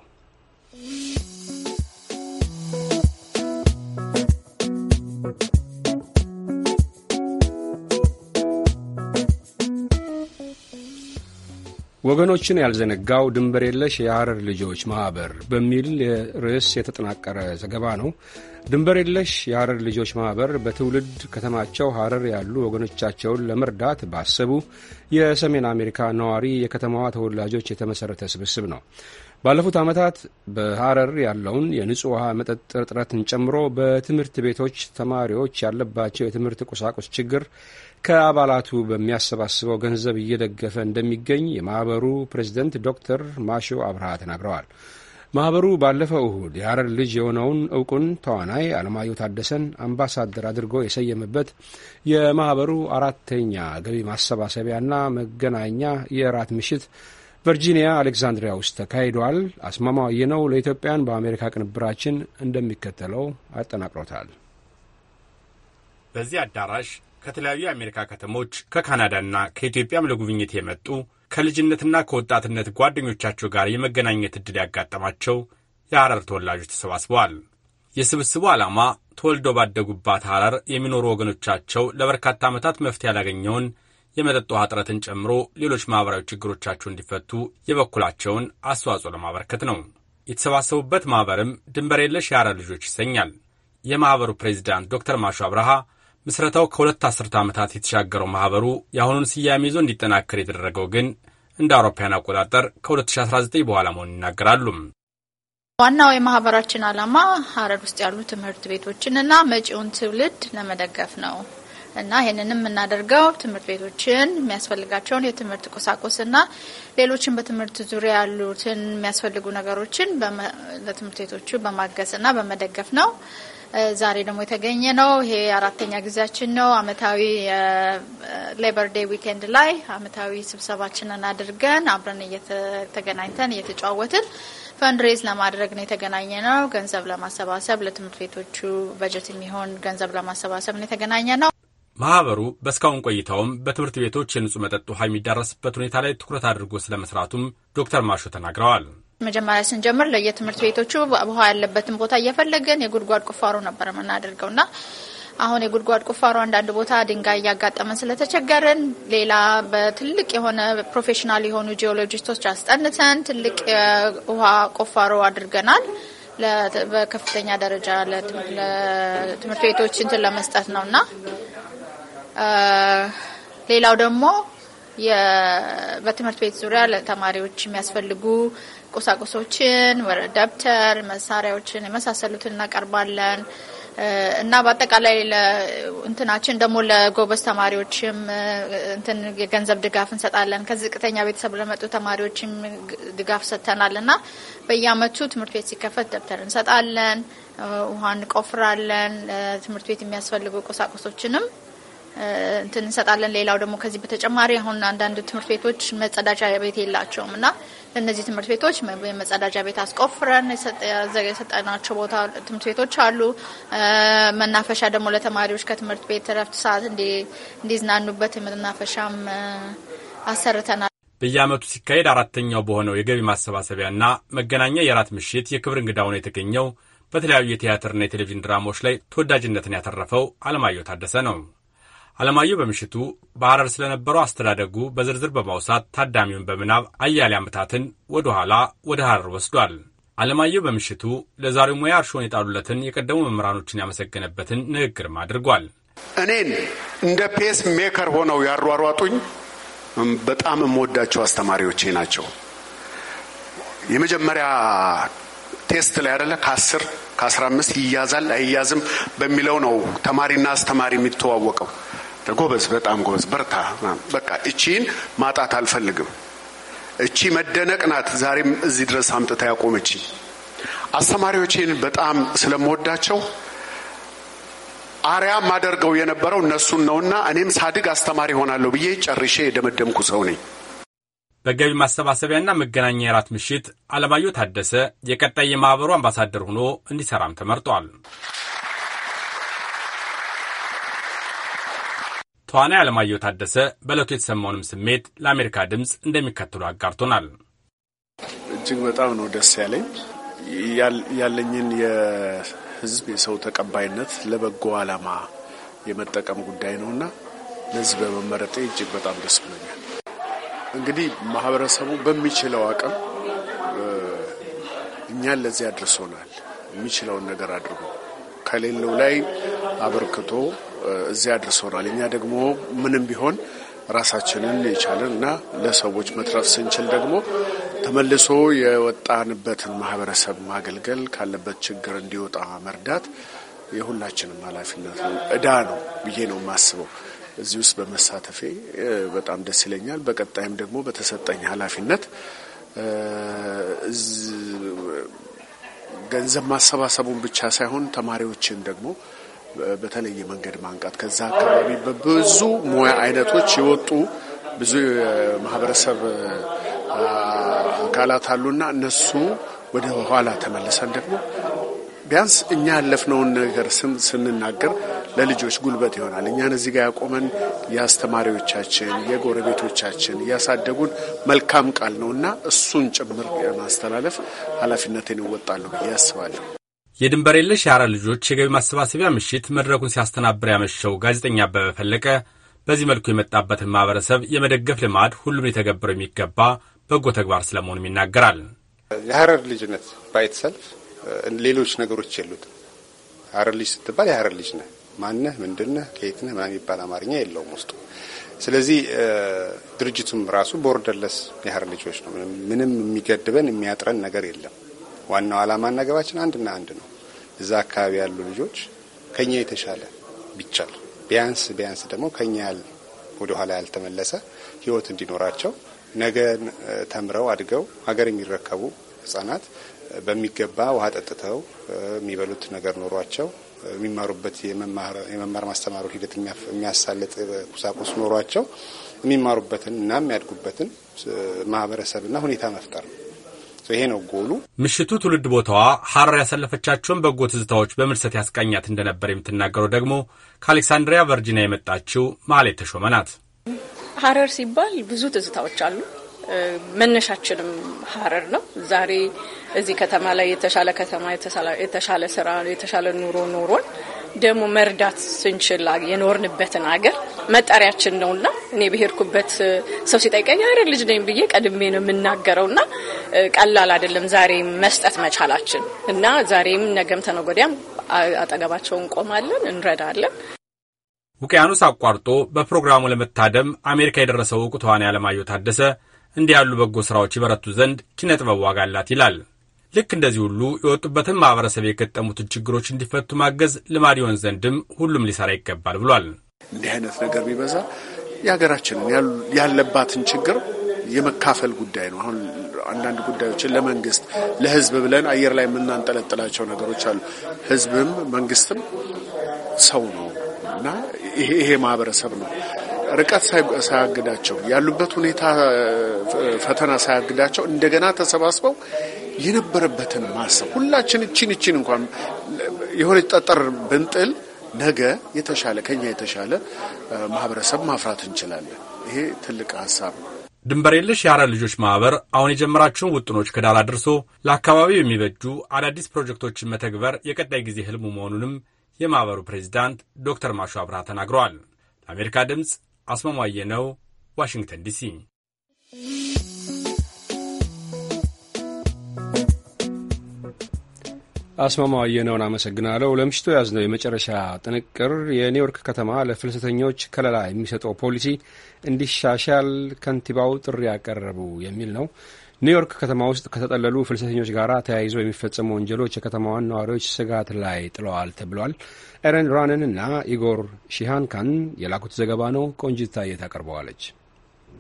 ወገኖችን ያልዘነጋው ድንበር የለሽ የሐረር ልጆች ማኅበር በሚል ርዕስ የተጠናቀረ ዘገባ ነው። ድንበር የለሽ የሐረር ልጆች ማኅበር በትውልድ ከተማቸው ሐረር ያሉ ወገኖቻቸውን ለመርዳት ባሰቡ የሰሜን አሜሪካ ነዋሪ የከተማዋ ተወላጆች የተመሠረተ ስብስብ ነው። ባለፉት ዓመታት በሐረር ያለውን የንጹህ ውሃ መጠጥ እጥረትን ጨምሮ በትምህርት ቤቶች ተማሪዎች ያለባቸው የትምህርት ቁሳቁስ ችግር ከአባላቱ በሚያሰባስበው ገንዘብ እየደገፈ እንደሚገኝ የማኅበሩ ፕሬዚደንት ዶክተር ማሾ አብርሃ ተናግረዋል። ማኅበሩ ባለፈው እሁድ የሐረር ልጅ የሆነውን እውቁን ተዋናይ አለማየሁ ታደሰን አምባሳደር አድርጎ የሰየመበት የማኅበሩ አራተኛ ገቢ ማሰባሰቢያና መገናኛ የእራት ምሽት ቨርጂኒያ አሌክዛንድሪያ ውስጥ ተካሂዷል። አስማማው የነው ለኢትዮጵያን በአሜሪካ ቅንብራችን እንደሚከተለው አጠናቅሮታል። በዚህ አዳራሽ ከተለያዩ የአሜሪካ ከተሞች ከካናዳና ከኢትዮጵያም ለጉብኝት የመጡ ከልጅነትና ከወጣትነት ጓደኞቻቸው ጋር የመገናኘት ዕድል ያጋጠማቸው የሐረር ተወላጆች ተሰባስበዋል። የስብስቡ ዓላማ ተወልደው ባደጉባት ሐረር የሚኖሩ ወገኖቻቸው ለበርካታ ዓመታት መፍትሄ ያላገኘውን የመጠጥ ውሃ እጥረትን ጨምሮ ሌሎች ማኅበራዊ ችግሮቻቸው እንዲፈቱ የበኩላቸውን አስተዋጽኦ ለማበርከት ነው። የተሰባሰቡበት ማኅበርም ድንበር የለሽ የሐረር ልጆች ይሰኛል። የማኅበሩ ፕሬዚዳንት ዶክተር ማሹ አብርሃ ምስረታው ከሁለት አስርተ ዓመታት የተሻገረው ማኅበሩ የአሁኑን ስያሜ ይዞ እንዲጠናከር የተደረገው ግን እንደ አውሮፓውያን አቆጣጠር ከ2019 በኋላ መሆኑን ይናገራሉ። ዋናው የማህበራችን ዓላማ ሀረር ውስጥ ያሉ ትምህርት ቤቶችን እና መጪውን ትውልድ ለመደገፍ ነው እና ይህንንም የምናደርገው ትምህርት ቤቶችን የሚያስፈልጋቸውን የትምህርት ቁሳቁስ እና ሌሎችን በትምህርት ዙሪያ ያሉትን የሚያስፈልጉ ነገሮችን ለትምህርት ቤቶቹ በማገዝና በመደገፍ ነው። ዛሬ ደግሞ የተገኘ ነው። ይሄ አራተኛ ጊዜያችን ነው። አመታዊ ሌበር ዴይ ዊኬንድ ላይ አመታዊ ስብሰባችንን አድርገን አብረን እየተገናኝተን እየተጫወትን ፈንድሬዝ ለማድረግ ነው የተገናኘ ነው። ገንዘብ ለማሰባሰብ ለትምህርት ቤቶቹ በጀት የሚሆን ገንዘብ ለማሰባሰብ ነው የተገናኘ ነው። ማህበሩ በእስካሁን ቆይታውም በትምህርት ቤቶች የንጹህ መጠጥ ውሃ የሚዳረስበት ሁኔታ ላይ ትኩረት አድርጎ ስለመስራቱም ዶክተር ማሾ ተናግረዋል። መጀመሪያ ስንጀምር ለየትምህርት ቤቶቹ ውሃ ያለበትን ቦታ እየፈለገን የጉድጓድ ቁፋሮ ነበር የምናደርገው ና አሁን የጉድጓድ ቁፋሮ አንዳንድ ቦታ ድንጋይ እያጋጠመን ስለተቸገርን ሌላ በትልቅ የሆነ ፕሮፌሽናል የሆኑ ጂኦሎጂስቶች አስጠንተን ትልቅ ውሃ ቁፋሮ አድርገናል። በከፍተኛ ደረጃ ለትምህርት ቤቶች እንትን ለመስጠት ነው እና ሌላው ደግሞ በትምህርት ቤት ዙሪያ ለተማሪዎች የሚያስፈልጉ ቁሳቁሶችን፣ ደብተር፣ መሳሪያዎችን የመሳሰሉትን እናቀርባለን እና በአጠቃላይ እንትናችን ደግሞ ለጎበዝ ተማሪዎችም እንትን የገንዘብ ድጋፍ እንሰጣለን። ከዝቅተኛ ቤተሰብ ለመጡ ተማሪዎችም ድጋፍ ሰጥተናል እና በየአመቱ ትምህርት ቤት ሲከፈት ደብተር እንሰጣለን፣ ውሃ እንቆፍራለን፣ ትምህርት ቤት የሚያስፈልጉ ቁሳቁሶችንም እንትን እንሰጣለን። ሌላው ደግሞ ከዚህ በተጨማሪ አሁን አንዳንድ ትምህርት ቤቶች መጸዳጃ ቤት የላቸውም እና እነዚህ ትምህርት ቤቶች የመጸዳጃ ቤት አስቆፍረን የሰጠናቸው ቦታ ትምህርት ቤቶች አሉ። መናፈሻ ደግሞ ለተማሪዎች ከትምህርት ቤት እረፍት ሰዓት እንዲዝናኑበት የመናፈሻም አሰርተናል። በየዓመቱ ሲካሄድ አራተኛው በሆነው የገቢ ማሰባሰቢያና መገናኛ የራት ምሽት የክብር እንግዳ ሆኖ የተገኘው በተለያዩ የቲያትርና የቴሌቪዥን ድራማዎች ላይ ተወዳጅነትን ያተረፈው አለማየሁ ታደሰ ነው። አለማየሁ በምሽቱ በሐረር ስለነበረው አስተዳደጉ በዝርዝር በማውሳት ታዳሚውን በምናብ አያሌ ዓመታትን ወደ ኋላ ወደ ሐረር ወስዷል። አለማየሁ በምሽቱ ለዛሬው ሙያ እርሾን የጣሉለትን የቀደሙ መምህራኖችን ያመሰገነበትን ንግግርም አድርጓል። እኔን እንደ ፔስ ሜከር ሆነው ያሯሯጡኝ በጣም የምወዳቸው አስተማሪዎቼ ናቸው። የመጀመሪያ ቴስት ላይ አደለ ከአስር ከአስራ አምስት ይያዛል አይያዝም በሚለው ነው ተማሪና አስተማሪ የሚተዋወቀው። ጎበዝ፣ በጣም ጎበዝ፣ በርታ። በቃ እቺን ማጣት አልፈልግም። እቺ መደነቅ ናት። ዛሬም እዚህ ድረስ አምጥታ ያቆመች አስተማሪዎቼን በጣም ስለምወዳቸው አርያ አደርገው የነበረው እነሱን ነውና እኔም ሳድግ አስተማሪ ሆናለሁ ብዬ ጨርሼ የደመደምኩ ሰው ነኝ። በገቢ ማሰባሰቢያና መገናኛ የራት ምሽት አለማየሁ ታደሰ የቀጣይ የማኅበሩ አምባሳደር ሆኖ እንዲሰራም ተመርጧል። ተዋናይ አለማየሁ ታደሰ በዕለቱ የተሰማውንም ስሜት ለአሜሪካ ድምፅ እንደሚከተሉ አጋርቶናል። እጅግ በጣም ነው ደስ ያለኝ ያለኝን የህዝብ የሰው ተቀባይነት ለበጎ አላማ የመጠቀም ጉዳይ ነውና ለዚህ በመመረጤ እጅግ በጣም ደስ ብሎኛል። እንግዲህ ማህበረሰቡ በሚችለው አቅም እኛን ለዚህ አድርሶናል። የሚችለውን ነገር አድርጎ ከሌለው ላይ አበርክቶ እዚያ አድርሶናል። እኛ ደግሞ ምንም ቢሆን ራሳችንን የቻለን እና ለሰዎች መትረፍ ስንችል ደግሞ ተመልሶ የወጣንበትን ማህበረሰብ ማገልገል ካለበት ችግር እንዲወጣ መርዳት የሁላችንም ኃላፊነት ነው፣ እዳ ነው ብዬ ነው የማስበው። እዚህ ውስጥ በመሳተፌ በጣም ደስ ይለኛል። በቀጣይም ደግሞ በተሰጠኝ ኃላፊነት ገንዘብ ማሰባሰቡን ብቻ ሳይሆን ተማሪዎችን ደግሞ በተለየ መንገድ ማንቃት ከዛ አካባቢ በብዙ ሙያ አይነቶች የወጡ ብዙ የማህበረሰብ አካላት አሉና እነሱ ወደ ኋላ ተመልሰን ደግሞ ቢያንስ እኛ ያለፍነውን ነገር ስንናገር ለልጆች ጉልበት ይሆናል። እኛን እዚህ ጋር ያቆመን የአስተማሪዎቻችን፣ የጎረቤቶቻችን እያሳደጉን መልካም ቃል ነው እና እሱን ጭምር ማስተላለፍ ኃላፊነቴን እወጣለሁ ብዬ አስባለሁ። የድንበር የለሽ የአራ ልጆች የገቢ ማሰባሰቢያ ምሽት መድረኩን ሲያስተናብር ያመሸው ጋዜጠኛ አበበ ፈለቀ በዚህ መልኩ የመጣበትን ማህበረሰብ የመደገፍ ልማድ ሁሉም ሊተገብረው የሚገባ በጎ ተግባር ስለመሆኑም ይናገራል። የሀረር ልጅነት ሰልፍ ሌሎች ነገሮች የሉት? ሀረር ልጅ ስትባል የሀረር ልጅ ነህ፣ ማነህ፣ ምንድነህ፣ ከየትነህ ምናምን የሚባል አማርኛ የለውም ውስጡ። ስለዚህ ድርጅቱም ራሱ ቦርደርለስ የሀረር ልጆች ነው። ምንም የሚገድበን የሚያጥረን ነገር የለም። ዋናው አላማ ገባችን አንድና አንድ ነው። እዛ አካባቢ ያሉ ልጆች ከኛ የተሻለ ቢቻል ቢያንስ ቢያንስ ደግሞ ከኛ ያል ወደ ኋላ ያልተመለሰ ህይወት እንዲኖራቸው ነገ ተምረው አድገው ሀገር የሚረከቡ ህጻናት በሚገባ ውሃ ጠጥተው የሚበሉት ነገር ኖሯቸው የሚማሩበት የመማር ማስተማሩ ሂደት የሚያሳልጥ ቁሳቁስ ኖሯቸው የሚማሩበትን እና የሚያድጉበትን ማህበረሰብና ሁኔታ መፍጠር ነው። ይሄ ነው ጎሉ። ምሽቱ ትውልድ ቦታዋ ሐረር ያሳለፈቻቸውን በጎ ትዝታዎች በምልሰት ያስቃኛት እንደነበር የምትናገረው ደግሞ ከአሌክሳንድሪያ ቨርጂኒያ የመጣችው ማሌት ተሾመ ናት። ሐረር ሲባል ብዙ ትዝታዎች አሉ። መነሻችንም ሐረር ነው። ዛሬ እዚህ ከተማ ላይ የተሻለ ከተማ፣ የተሻለ ስራ፣ የተሻለ ኑሮ ኖሮን ደግሞ መርዳት ስንችል የኖርንበትን አገር መጠሪያችን ነውና እኔ ብሄድኩበት ሰው ሲጠይቀኝ አረ ልጅ ነኝ ብዬ ቀድሜ ነው እና ቀላል አይደለም ዛሬ መስጠት መቻላችን እና ዛሬም ነገም ተነጎዲያም አጠገባቸው እንቆማለን፣ እንረዳለን። ውቅያኖስ አቋርጦ በፕሮግራሙ ለመታደም አሜሪካ የደረሰው ዕውቁ ተዋናይ አለማየሁ ታደሰ እንዲህ ያሉ በጎ ስራዎች ይበረቱ ዘንድ ኪነጥበብ ዋጋ አላት ይላል። ልክ እንደዚህ ሁሉ የወጡበትን ማህበረሰብ የገጠሙትን ችግሮች እንዲፈቱ ማገዝ ልማድ ይሆን ዘንድም ሁሉም ሊሰራ ይገባል ብሏል። እንዲህ አይነት ነገር ቢበዛ የሀገራችንን ያለባትን ችግር የመካፈል ጉዳይ ነው። አሁን አንዳንድ ጉዳዮችን ለመንግስት ለህዝብ ብለን አየር ላይ የምናንጠለጥላቸው ነገሮች አሉ። ህዝብም መንግስትም ሰው ነው እና ይሄ ማህበረሰብ ነው። ርቀት ሳያግዳቸው ያሉበት ሁኔታ ፈተና ሳያግዳቸው እንደገና ተሰባስበው የነበረበትን ማሰብ ሁላችን እቺን እቺን እንኳን የሆነች ጠጠር ብንጥል ነገ የተሻለ ከኛ የተሻለ ማህበረሰብ ማፍራት እንችላለን። ይሄ ትልቅ ሀሳብ ነው። ድንበር የለሽ የሐረር ልጆች ማህበር አሁን የጀመራቸውን ውጥኖች ከዳር አድርሶ ለአካባቢው የሚበጁ አዳዲስ ፕሮጀክቶችን መተግበር የቀጣይ ጊዜ ህልሙ መሆኑንም የማህበሩ ፕሬዚዳንት ዶክተር ማሹ አብርሃ ተናግረዋል። ለአሜሪካ ድምፅ አስማማየ ነው፣ ዋሽንግተን ዲሲ አስማማው አየነውን አመሰግናለሁ። ለምሽቱ ያዝነው የመጨረሻ ጥንቅር የኒውዮርክ ከተማ ለፍልሰተኞች ከለላ የሚሰጠው ፖሊሲ እንዲሻሻል ከንቲባው ጥሪ ያቀረቡ የሚል ነው። ኒውዮርክ ከተማ ውስጥ ከተጠለሉ ፍልሰተኞች ጋር ተያይዘው የሚፈጸሙ ወንጀሎች የከተማዋን ነዋሪዎች ስጋት ላይ ጥለዋል ተብሏል። ኤረን ራንን እና ኢጎር ሺሃንካን የላኩት ዘገባ ነው። ቆንጅታ ታየ ታቀርበዋለች።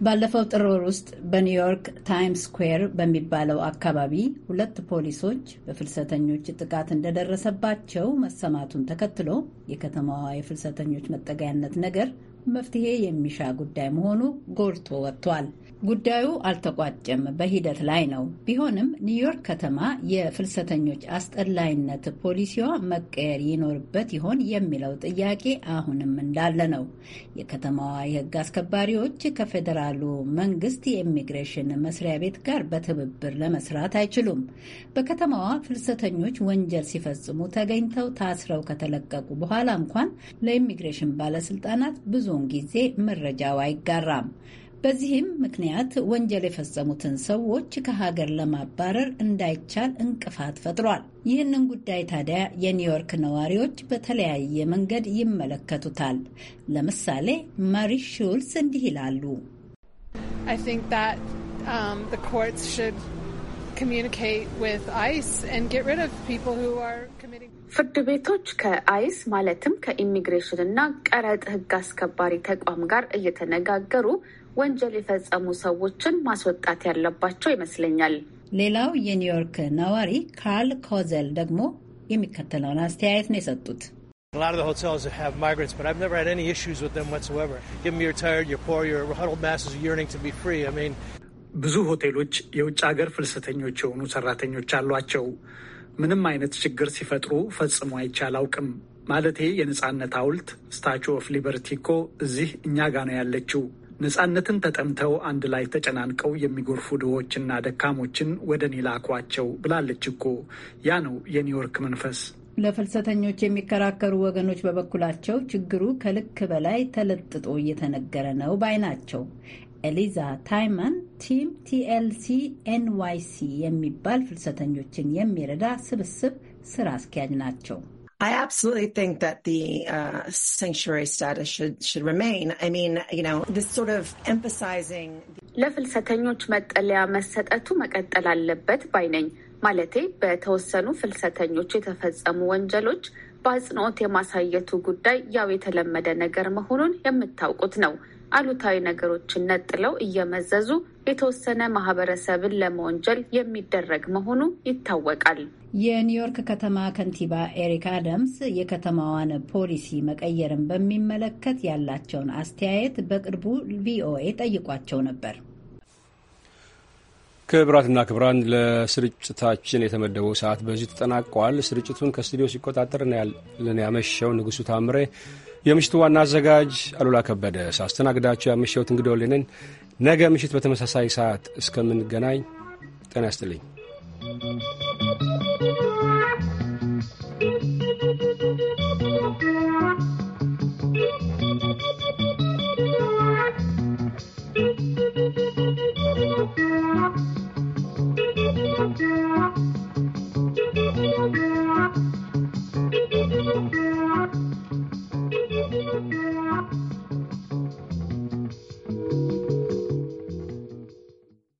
ባለፈው ጥር ወር ውስጥ በኒውዮርክ ታይምስ ስኩዌር በሚባለው አካባቢ ሁለት ፖሊሶች በፍልሰተኞች ጥቃት እንደደረሰባቸው መሰማቱን ተከትሎ የከተማዋ የፍልሰተኞች መጠገያነት ነገር መፍትሄ የሚሻ ጉዳይ መሆኑ ጎልቶ ወጥቷል። ጉዳዩ አልተቋጨም፣ በሂደት ላይ ነው። ቢሆንም ኒውዮርክ ከተማ የፍልሰተኞች አስጠላይነት ፖሊሲዋ መቀየር ይኖርበት ይሆን የሚለው ጥያቄ አሁንም እንዳለ ነው። የከተማዋ የሕግ አስከባሪዎች ከፌዴራሉ መንግስት የኢሚግሬሽን መስሪያ ቤት ጋር በትብብር ለመስራት አይችሉም። በከተማዋ ፍልሰተኞች ወንጀል ሲፈጽሙ ተገኝተው ታስረው ከተለቀቁ በኋላ እንኳን ለኢሚግሬሽን ባለስልጣናት ብዙውን ጊዜ መረጃው አይጋራም። በዚህም ምክንያት ወንጀል የፈጸሙትን ሰዎች ከሀገር ለማባረር እንዳይቻል እንቅፋት ፈጥሯል። ይህንን ጉዳይ ታዲያ የኒውዮርክ ነዋሪዎች በተለያየ መንገድ ይመለከቱታል። ለምሳሌ ማሪ ሹልስ እንዲህ ይላሉ። um, ፍርድ ቤቶች ከአይስ ማለትም ከኢሚግሬሽን እና ቀረጥ ሕግ አስከባሪ ተቋም ጋር እየተነጋገሩ ወንጀል የፈጸሙ ሰዎችን ማስወጣት ያለባቸው ይመስለኛል። ሌላው የኒውዮርክ ነዋሪ ካርል ኮዘል ደግሞ የሚከተለውን አስተያየት ነው የሰጡት። ብዙ ሆቴሎች የውጭ ሀገር ፍልሰተኞች የሆኑ ሰራተኞች አሏቸው። ምንም አይነት ችግር ሲፈጥሩ ፈጽሞ አይቼ አላውቅም። ማለቴ የነጻነት ሐውልት ስታቹ ኦፍ ሊበርቲ እኮ እዚህ እኛ ጋ ነው ያለችው። ነጻነትን ተጠምተው አንድ ላይ ተጨናንቀው የሚጎርፉ ድሆችና ደካሞችን ወደ እኔ ላኳቸው ብላለች እኮ። ያ ነው የኒውዮርክ መንፈስ። ለፍልሰተኞች የሚከራከሩ ወገኖች በበኩላቸው ችግሩ ከልክ በላይ ተለጥጦ እየተነገረ ነው ባይ ናቸው። ኤሊዛ ታይማን ቲም ቲኤልሲ ኤንዋይሲ የሚባል ፍልሰተኞችን የሚረዳ ስብስብ ስራ አስኪያጅ ናቸው። I absolutely think that the uh, sanctuary status should should remain. I mean, you know, this sort of emphasizing ለፍልሰተኞች መጠለያ መሰጠቱ መቀጠል አለበት ባይ ነኝ። ማለቴ በተወሰኑ ፍልሰተኞች የተፈጸሙ ወንጀሎች በአጽንኦት የማሳየቱ ጉዳይ ያው የተለመደ ነገር መሆኑን የምታውቁት ነው። አሉታዊ ነገሮችን ነጥለው እየመዘዙ የተወሰነ ማህበረሰብን ለመወንጀል የሚደረግ መሆኑ ይታወቃል። የኒውዮርክ ከተማ ከንቲባ ኤሪክ አደምስ የከተማዋን ፖሊሲ መቀየርን በሚመለከት ያላቸውን አስተያየት በቅርቡ ቪኦኤ ጠይቋቸው ነበር። ክብራትና ክብራን ለስርጭታችን የተመደበው ሰዓት በዚሁ ተጠናቋል። ስርጭቱን ከስቱዲዮ ሲቆጣጠር ልን ያመሸው ንጉሡ ታምሬ፣ የምሽቱ ዋና አዘጋጅ አሉላ ከበደ፣ ሳስተናግዳቸው ያመሸው እንግዳ ነገ ምሽት በተመሳሳይ ሰዓት እስከምንገናኝ ጤና you.